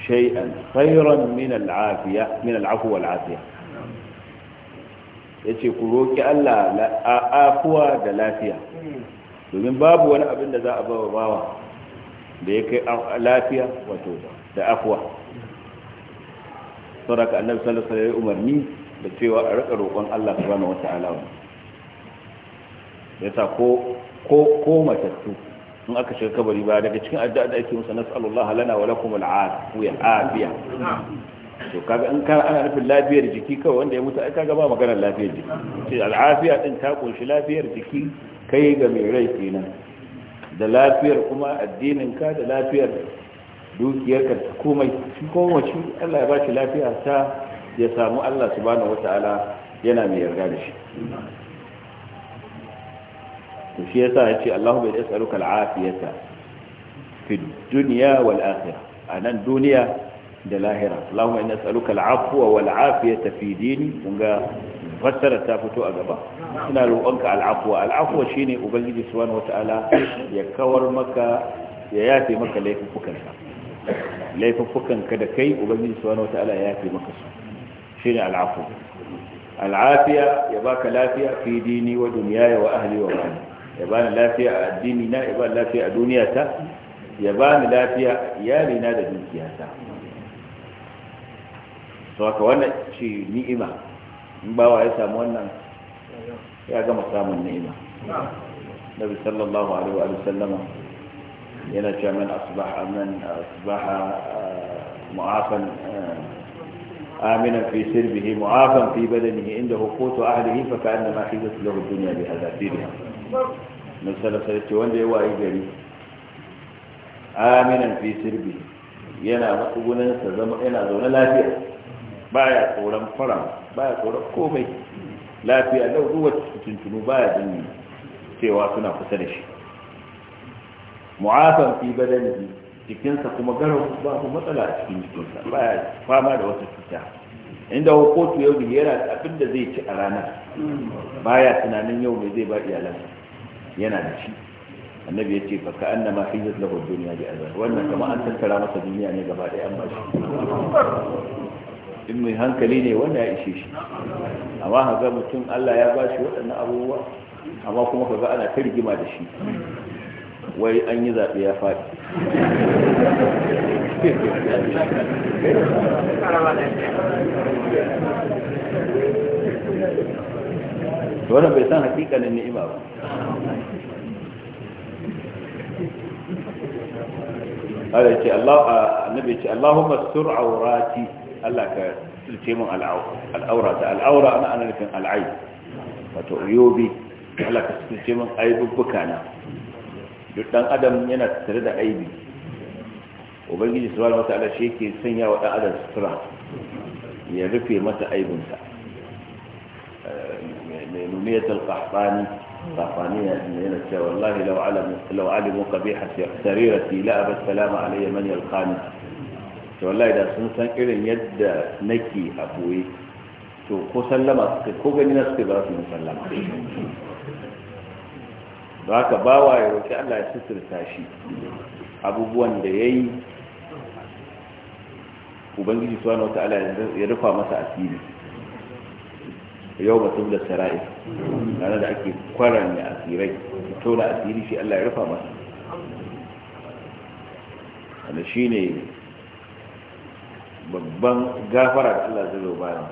shay'an khayran min al'afiya min al'afu wal 'afiya yace ku roki Allah afuwa da lafiya domin babu wani abin da za a bawa bawa da ya kai lafiya wato da afuwa saboda annabi sallallahu alaihi umarni da cewa a rika roƙon Allah subhanahu wata'ala wa yasa ko ko ko matattu in aka shiga kabari ba daga cikin addu'a da ake musa nas'alullah lana wa lakum al-afiya afiya to kaga in ka ana nufin lafiyar jiki kawai wanda ya mutu ai kaga ba maganar lafiyar jiki sai al-afiya din ta kunshi lafiyar jiki kai ga mai rai kenan da lafiyar kuma addininka da lafiyar dukiyarka ta komai shi kowace Allah ya ba shi lafiya ta ya samu Allah subhanahu wata'ala yana mai yarda da shi to shi yasa yace Allahu bai yasaluka al'afiyata fi dunya wal akhirah anan duniya da lahira Allahumma inna nas'aluka al'afwa wal afiyata fi dini Kunga ga fassara ta fito a gaba ina roƙonka al'afwa al'afwa shine ubangiji subhanahu wataala ya kawar maka ya yafe maka laifukan ka. Laifukan ka da kai ubangiji subhanahu wataala ya yafe maka su shine al'afwa al'afiya ya baka lafiya fi dini wa dunyaya wa ahli wa mali ya bani lafiya a addini na ya bani lafiya a duniya ta ya bani lafiya iyali na da ta. to haka wannan ce ni'ima in bawa ya samu wannan ya gama samun ni'ima nabi sallallahu alaihi wa sallama yana cewa man asbaha man asbaha eh, mu'afan آمنا في سربه معافا في بدنه عنده قوت أهله فكأنما حيزت له الدنيا بأذاتيرها من سنة سنة وانده وإيجابي آمنا في سربه yana matsugunan zama yana zaune lafiya baya tsoron faram baya tsoron komai lafiya da ruwa tunu baya jin cewa suna kusa da shi Mu'asan fi badanihi jikinsa kuma garau su matsala a cikin jikinsa baya fama da wata cuta inda hukotu yau da yana abin da zai ci a ranar baya tunanin yau mai zai ba iyalan. yana da shi annabi ya ce fa ka annama hijjat lahu duniya da azab wannan kama an tattara masa duniya ne gaba ɗaya an ba shi in mai hankali ne wanda ya ishe shi amma haga mutum Allah ya ba shi waɗannan abubuwa amma kuma kaga ana ta rigima da shi wai an yi zaɓe ya faɗi wannan bai san hakikalin ni'ima ba هذا يقول الله النبي يقول اللهم استر عوراتي Allah ka sulce mun al'aura ta al'aura ana ana nufin al'aib wato uyobi Allah ka sulce mun aibubbuka na duk dan adam yana tare da aibi ubangiji subhanahu wata'ala shi yake sanya wa dan adam sutura ya rufe masa aibinsa eh, mai numiyatul qahbani قحطانية هنا والله لو علموا لو علموا قبيح سريرتي to wallahi da sun san irin yadda nake a boye to ko sallama suka ko gani na suka ba su yi sallama ba ka ba wa ya roƙi Allah ya suturta shi abubuwan da ya yi ubangiji wata ala ya rufa masa asiri yau batun da sara'i ranar da ake kwaran ya asirai to da asiri shi Allah ya rufa masa wanda shi ne babban gafara da Allah zai zo bayan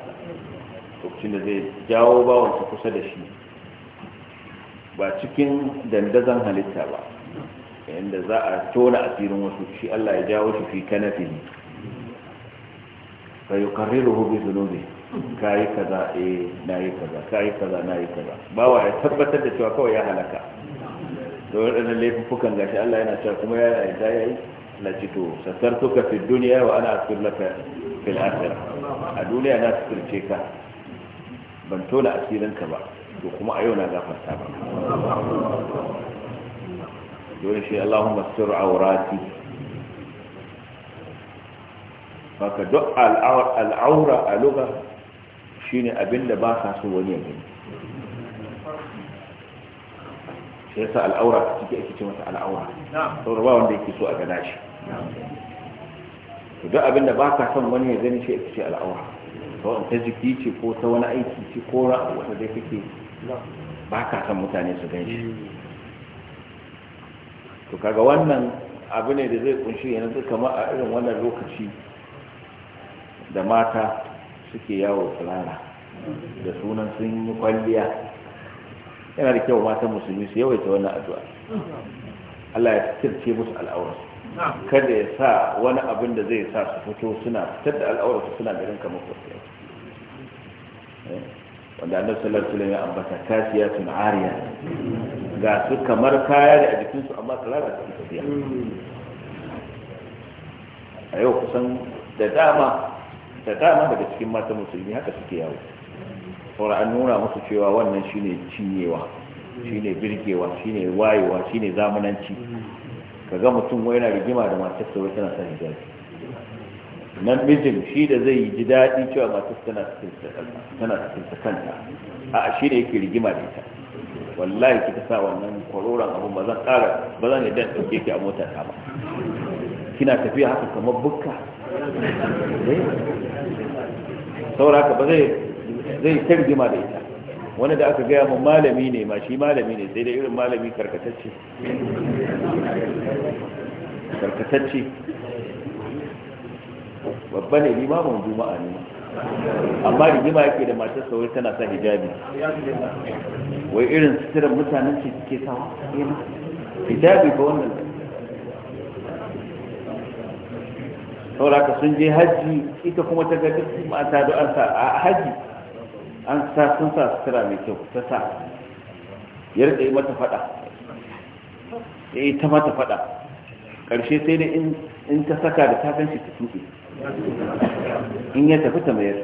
lokacin da zai jawo bawansa kusa da shi ba cikin dandazon halitta ba yadda za a tona asirin wasu shi Allah ya jawo shi fi kanafi ne fa yuqarriruhu bi dhunubi kayi kaza eh nayi kaza kayi kaza nayi kaza bawa ya tabbatar da cewa kawai ya halaka don wadannan laifukan gashi Allah yana cewa kuma ya yi yarda yayi na ci to sassar tuka fi duniya wa ana asir laka a duniya na sirce ka ban tona asirin ka ba to kuma a yau na gafarta ba dole shi Allahumma sir awrati haka a ba ka wani shi yasa al'aura take ake ce masa al'aura saboda ba wanda yake so a gana shi duk abin da ba ka son wani ya gani shi ce al'aura kawai ta jiki ce ko ta wani aiki ce ko ra'a wata dai kake ba ka son mutane su gan shi to kaga wannan abu ne da zai kunshi yanzu kamar a irin wannan lokaci da mata suke yawo tsirara da sunan sun yi kwalliya yana da kyau matan musulmi su yawaita wannan addu'a Allah ya kirce musu al'aurarsu kada ya sa wani abin da zai sa su fito suna fitar da al'aura su suna garin kamar kwafiya eh, wanda annabi sallallahu alaihi wasallam ya ambata sun ariya ga su kamar kaya da a jikin su amma tsara su tafiya a yau kusan da dama da dama daga cikin mata musulmi haka suke yawo saura an nuna musu cewa wannan shine cinyewa shine birgewa shine wayewa shine zamananci Ka ga mutum wai yana rigima da matarsa wai tana sa hijabi nan mijin shi da zai ji daɗi cewa matarsa tana cikin sa kanta a shi ne yake rigima da ita wallahi kika sa wannan kwaroron abun ba zan ƙara ba zan yadda ɗauke ki a mota ta ba kina tafiya haka kamar bukka eh? saboda haka ba zai zai ta rigima da ita wani da aka gaya mun malami ne ma shi malami ne sai da irin malami karkatacce karkatacce babba ne ni limamin juma'a ne amma rigima yake da matar sauri tana sa hijabi wai irin suturar mutanen ce suke sawa eh hijabi ba wannan sauraka sun je hajji ita kuma ta ga duk mata da an sa a hajji an sa sun sa sutura mai kyau ta sa ya rika yi mata fada ya yi ta mata fada ƙarshe sai da in ta saka da ta ganshi ta tuɗe in ya tafi ta mayar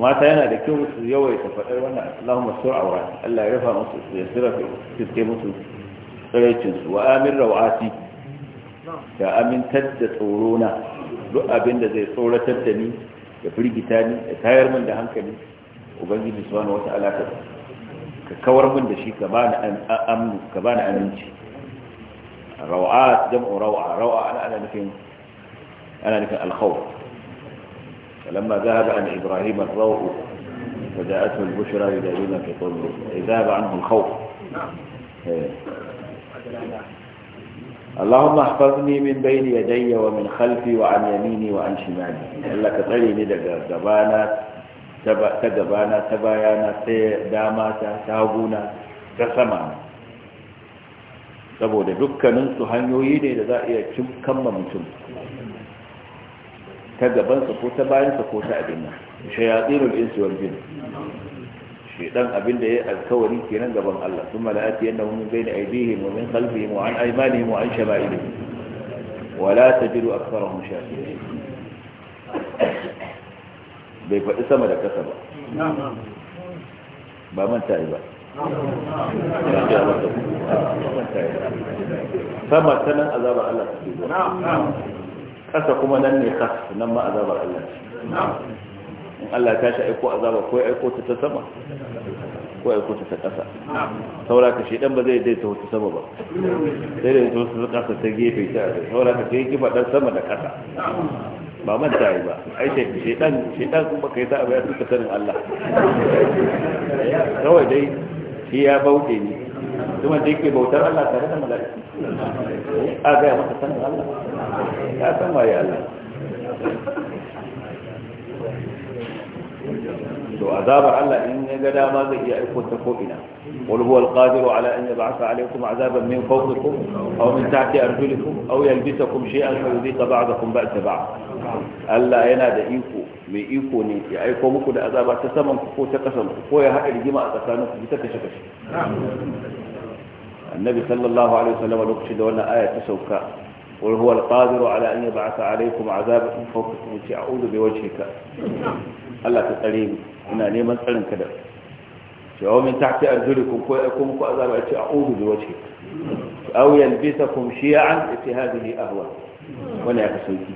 mata yana da kyau su yawai ta faɗar wannan allahumma sur aura allah ya rufa musu ya sura fiske musu tsiraicinsu wa amin rawati Ya amintar da tsorona. duk abin da zai tsoratar da ni da firgita ni da tayar min da hankali ubangiji subhanahu wata'ala ka ka kawar min da shi ka bani amnu ka bani aminci rawa'at jam'u rawa'a rawa'a ana ana nufin ana nufin alkhawf فلما ذهب عن إبراهيم الروع وجاءته البشرى يدعون في قلبه ذهب عنه الخوف اللهم احفظني من بين يدي ومن خلفي وعن يميني وعن شمالي الله كتريني daga ta gabana ta bayana ta dama ta ta sama saboda dukkanin su hanyoyi ne da za a iya kamma mutum ta gabansa ko ta bayansa ko ta abin nan shayatirul insu wal jin shedan abin da ya alkawari kenan gaban Allah sun mala'ati yadda na bai da aidihim mu min khalfihim mu, an aymanihim wa an shaba'ihim wa la tajidu aktharahum shakirin bai faɗi sama da kasa ba ba man ta yi ba sama sanan azabar Allah take zuwa kasa kuma nan ne kas nan ma azabar Allah ce in Allah ya tashi aiko azaba ko aiko ta sama ko aiko ta kasa saura ka shedan ba zai ta wata sama ba sai da to su kasa ta gefe ta saura ka kai kifa dan sama da kasa ba manta yi ba ai sai shedan shedan kun ba kai ta a ya tuka sanin Allah kawai dai shi ya bauke ni kuma dai ke bautar Allah tare da mala'iku a ga masa sanin Allah ya san waye Allah to azabar Allah in ya ga dama zai iya aiko ta ko ina wal huwa al qadiru ala an yab'atha alaykum azaban min fawqikum aw min tahti arjulikum aw yalbisakum shay'an fa yudhiqa ba'dakum ba'sa ba'd Allah yana da iko mai iko ne ya aiko muku da azaba ta saman ku ko ta kasan ku ko ya haɗa rigima a tsakanin ku ta kashe kashe annabi sallallahu alaihi wasallam lokacin da wannan aya ta sauka wal huwa al qadiru ala an yab'atha alaykum azaban min fawqikum ta'udu bi wajhika Allah ka tsare mu ina neman tsarin ka da cewa min tahti arjulikum ko ya kuma ku azaba ce a'udhu bi wajhi aw yalbisakum shi'an fi hadhihi ahwa wani ya kasauki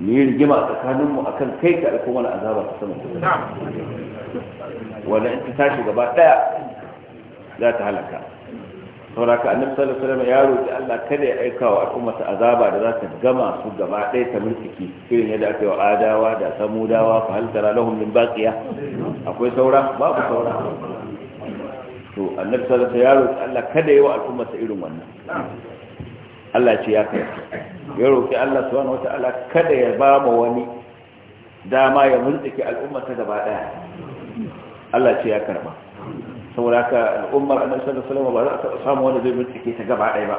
ni rigima tsakanin mu akan kai ka alko mana azaba ta sama ta wani in ta tashi gaba daya za ta halaka saboda ka annabi sallallahu alaihi wasallam ya roki Allah kada ya aika wa al'ummata azaba da za ta gama su gaba ɗaya ta mulki irin yadda aka yi wa adawa da samudawa fa hal tara lahum min baqiya akwai saura babu saura to annabi sallallahu alaihi wasallam ya roki Allah kada ya yi wa al'ummata irin wannan Allah ce ya kai ya roki Allah subhanahu wataala kada ya ba mu wani dama ya mulki al'ummata gaba ɗaya Allah ce ya karba saboda haka al'ummar annabi sallallahu alaihi wasallam ba za ta samu wanda zai bincike ta gaba ɗaya ba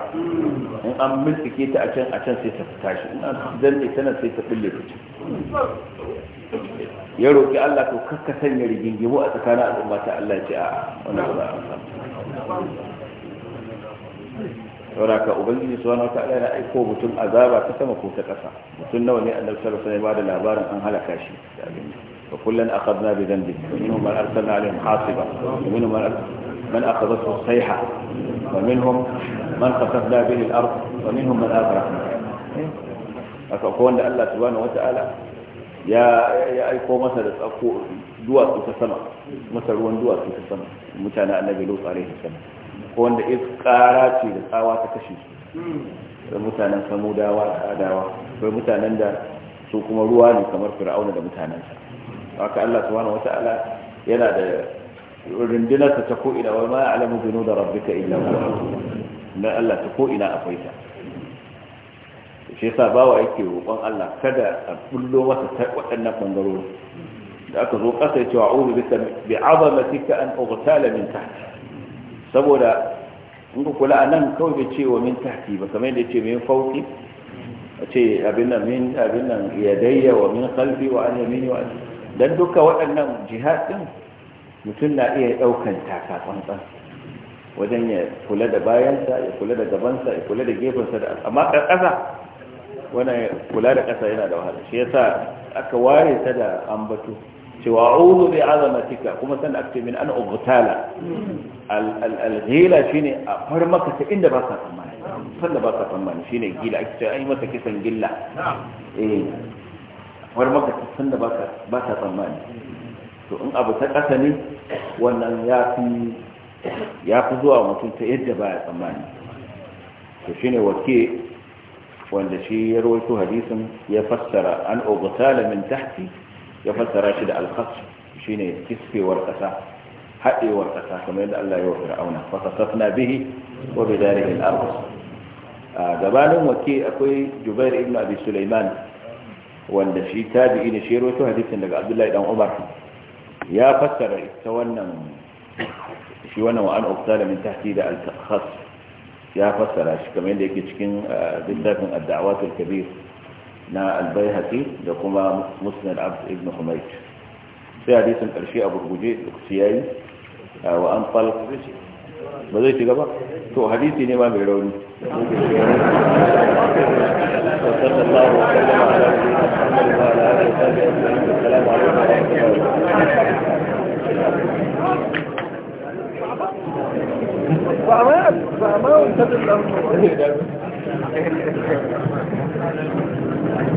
in an bincike ta a can a can sai ta fita shi in an danne tana sai ta bille ta ya roki Allah to kakka sanya rigingimu a tsakanin al'umma ta Allah ce a wannan ba saboda ka ubangiji subhanahu wataala yana aiko mutum azaba ta sama ko ta ƙasa mutum nawa ne annabi sallallahu alaihi wasallam ba da labarin an halaka shi da abin وكلا أخذنا بذنبه ومنهم من أرسلنا عليهم حاصبة ومنهم من أخذته الصيحة ومنهم من خسفنا به الأرض ومنهم من أبرحنا أكون لألا سبحانه وتعالى يا يا أيقو مثلا أقو دوا في السماء مثلا وان دوا في السماء متنا النبي لوط عليه السلام كون إذ قارات الأوى تكشف متنا سمودا وادا ومتنا ندا سوكم الوان كمر فرعون دا متنا سلام haka Allah subhanahu wata'ala yana da rundunarsa ta ko ina wa ma alamu zunu da rabbika illa huwa na Allah ta ko ina akwai ta shi yasa bawa yake roƙon Allah kada a bullo masa ta waɗannan bangarori da aka zo ƙasa ya ce wa'udu bika bi'azamatika an ughtala min tahti saboda in ku kula anan kawai bai ce wa min tahti ba kamar yadda ya ce min fauki a ce abin nan min abin nan yadayya wa min khalfi wa an yamini wa an don duka waɗannan jihad ɗin mutum na iya ɗaukan taka tsantsan wajen ya kula da bayansa ya kula da gabansa ya kula da gefensa da amma ƙasa wani kula da ƙasa yana da wahala shi yasa aka ware ta da ambatu. cewa a'udhu bi azamatika kuma san akce min an ubtala al-ghila shine a farmaka ta inda ba ka tsammani san da ba ka tsammani shine gila ake cewa yi masa kisan gilla eh war maka sassan da ba ta tsammani to in abu ta ƙasa ne wannan ya fi zuwa mutum ta yadda ba ya tsammani to shi ne wake wanda shi ya rawaito hadisin ya fassara an ogutala min tahti ya fassara shi da alkhas shi ne kiskewar ƙasa haɗewar ƙasa kamar yadda Allah ya wa fir'auna fa na bihi wa bi darihi al a gabanin wake akwai Jubair ibn Abi Sulaiman wanda shi tabi'i ne shi to hadisin daga Abdullahi dan Umar ya fassara ita wannan shi wannan wa an min tahti da al-takhas ya fassara shi kamar yadda yake cikin eh, littafin ad-da'awat al-kabir na al-bayhaqi da kuma musnad abd ibn humayt sai hadisin karshe abu guje lokaci yayi eh, wa an fal ba zai shiga ba to hadisi ne ba mai rauni sallallahu alaihi wa sallam محمد وعلى آله وصحبه أجمعين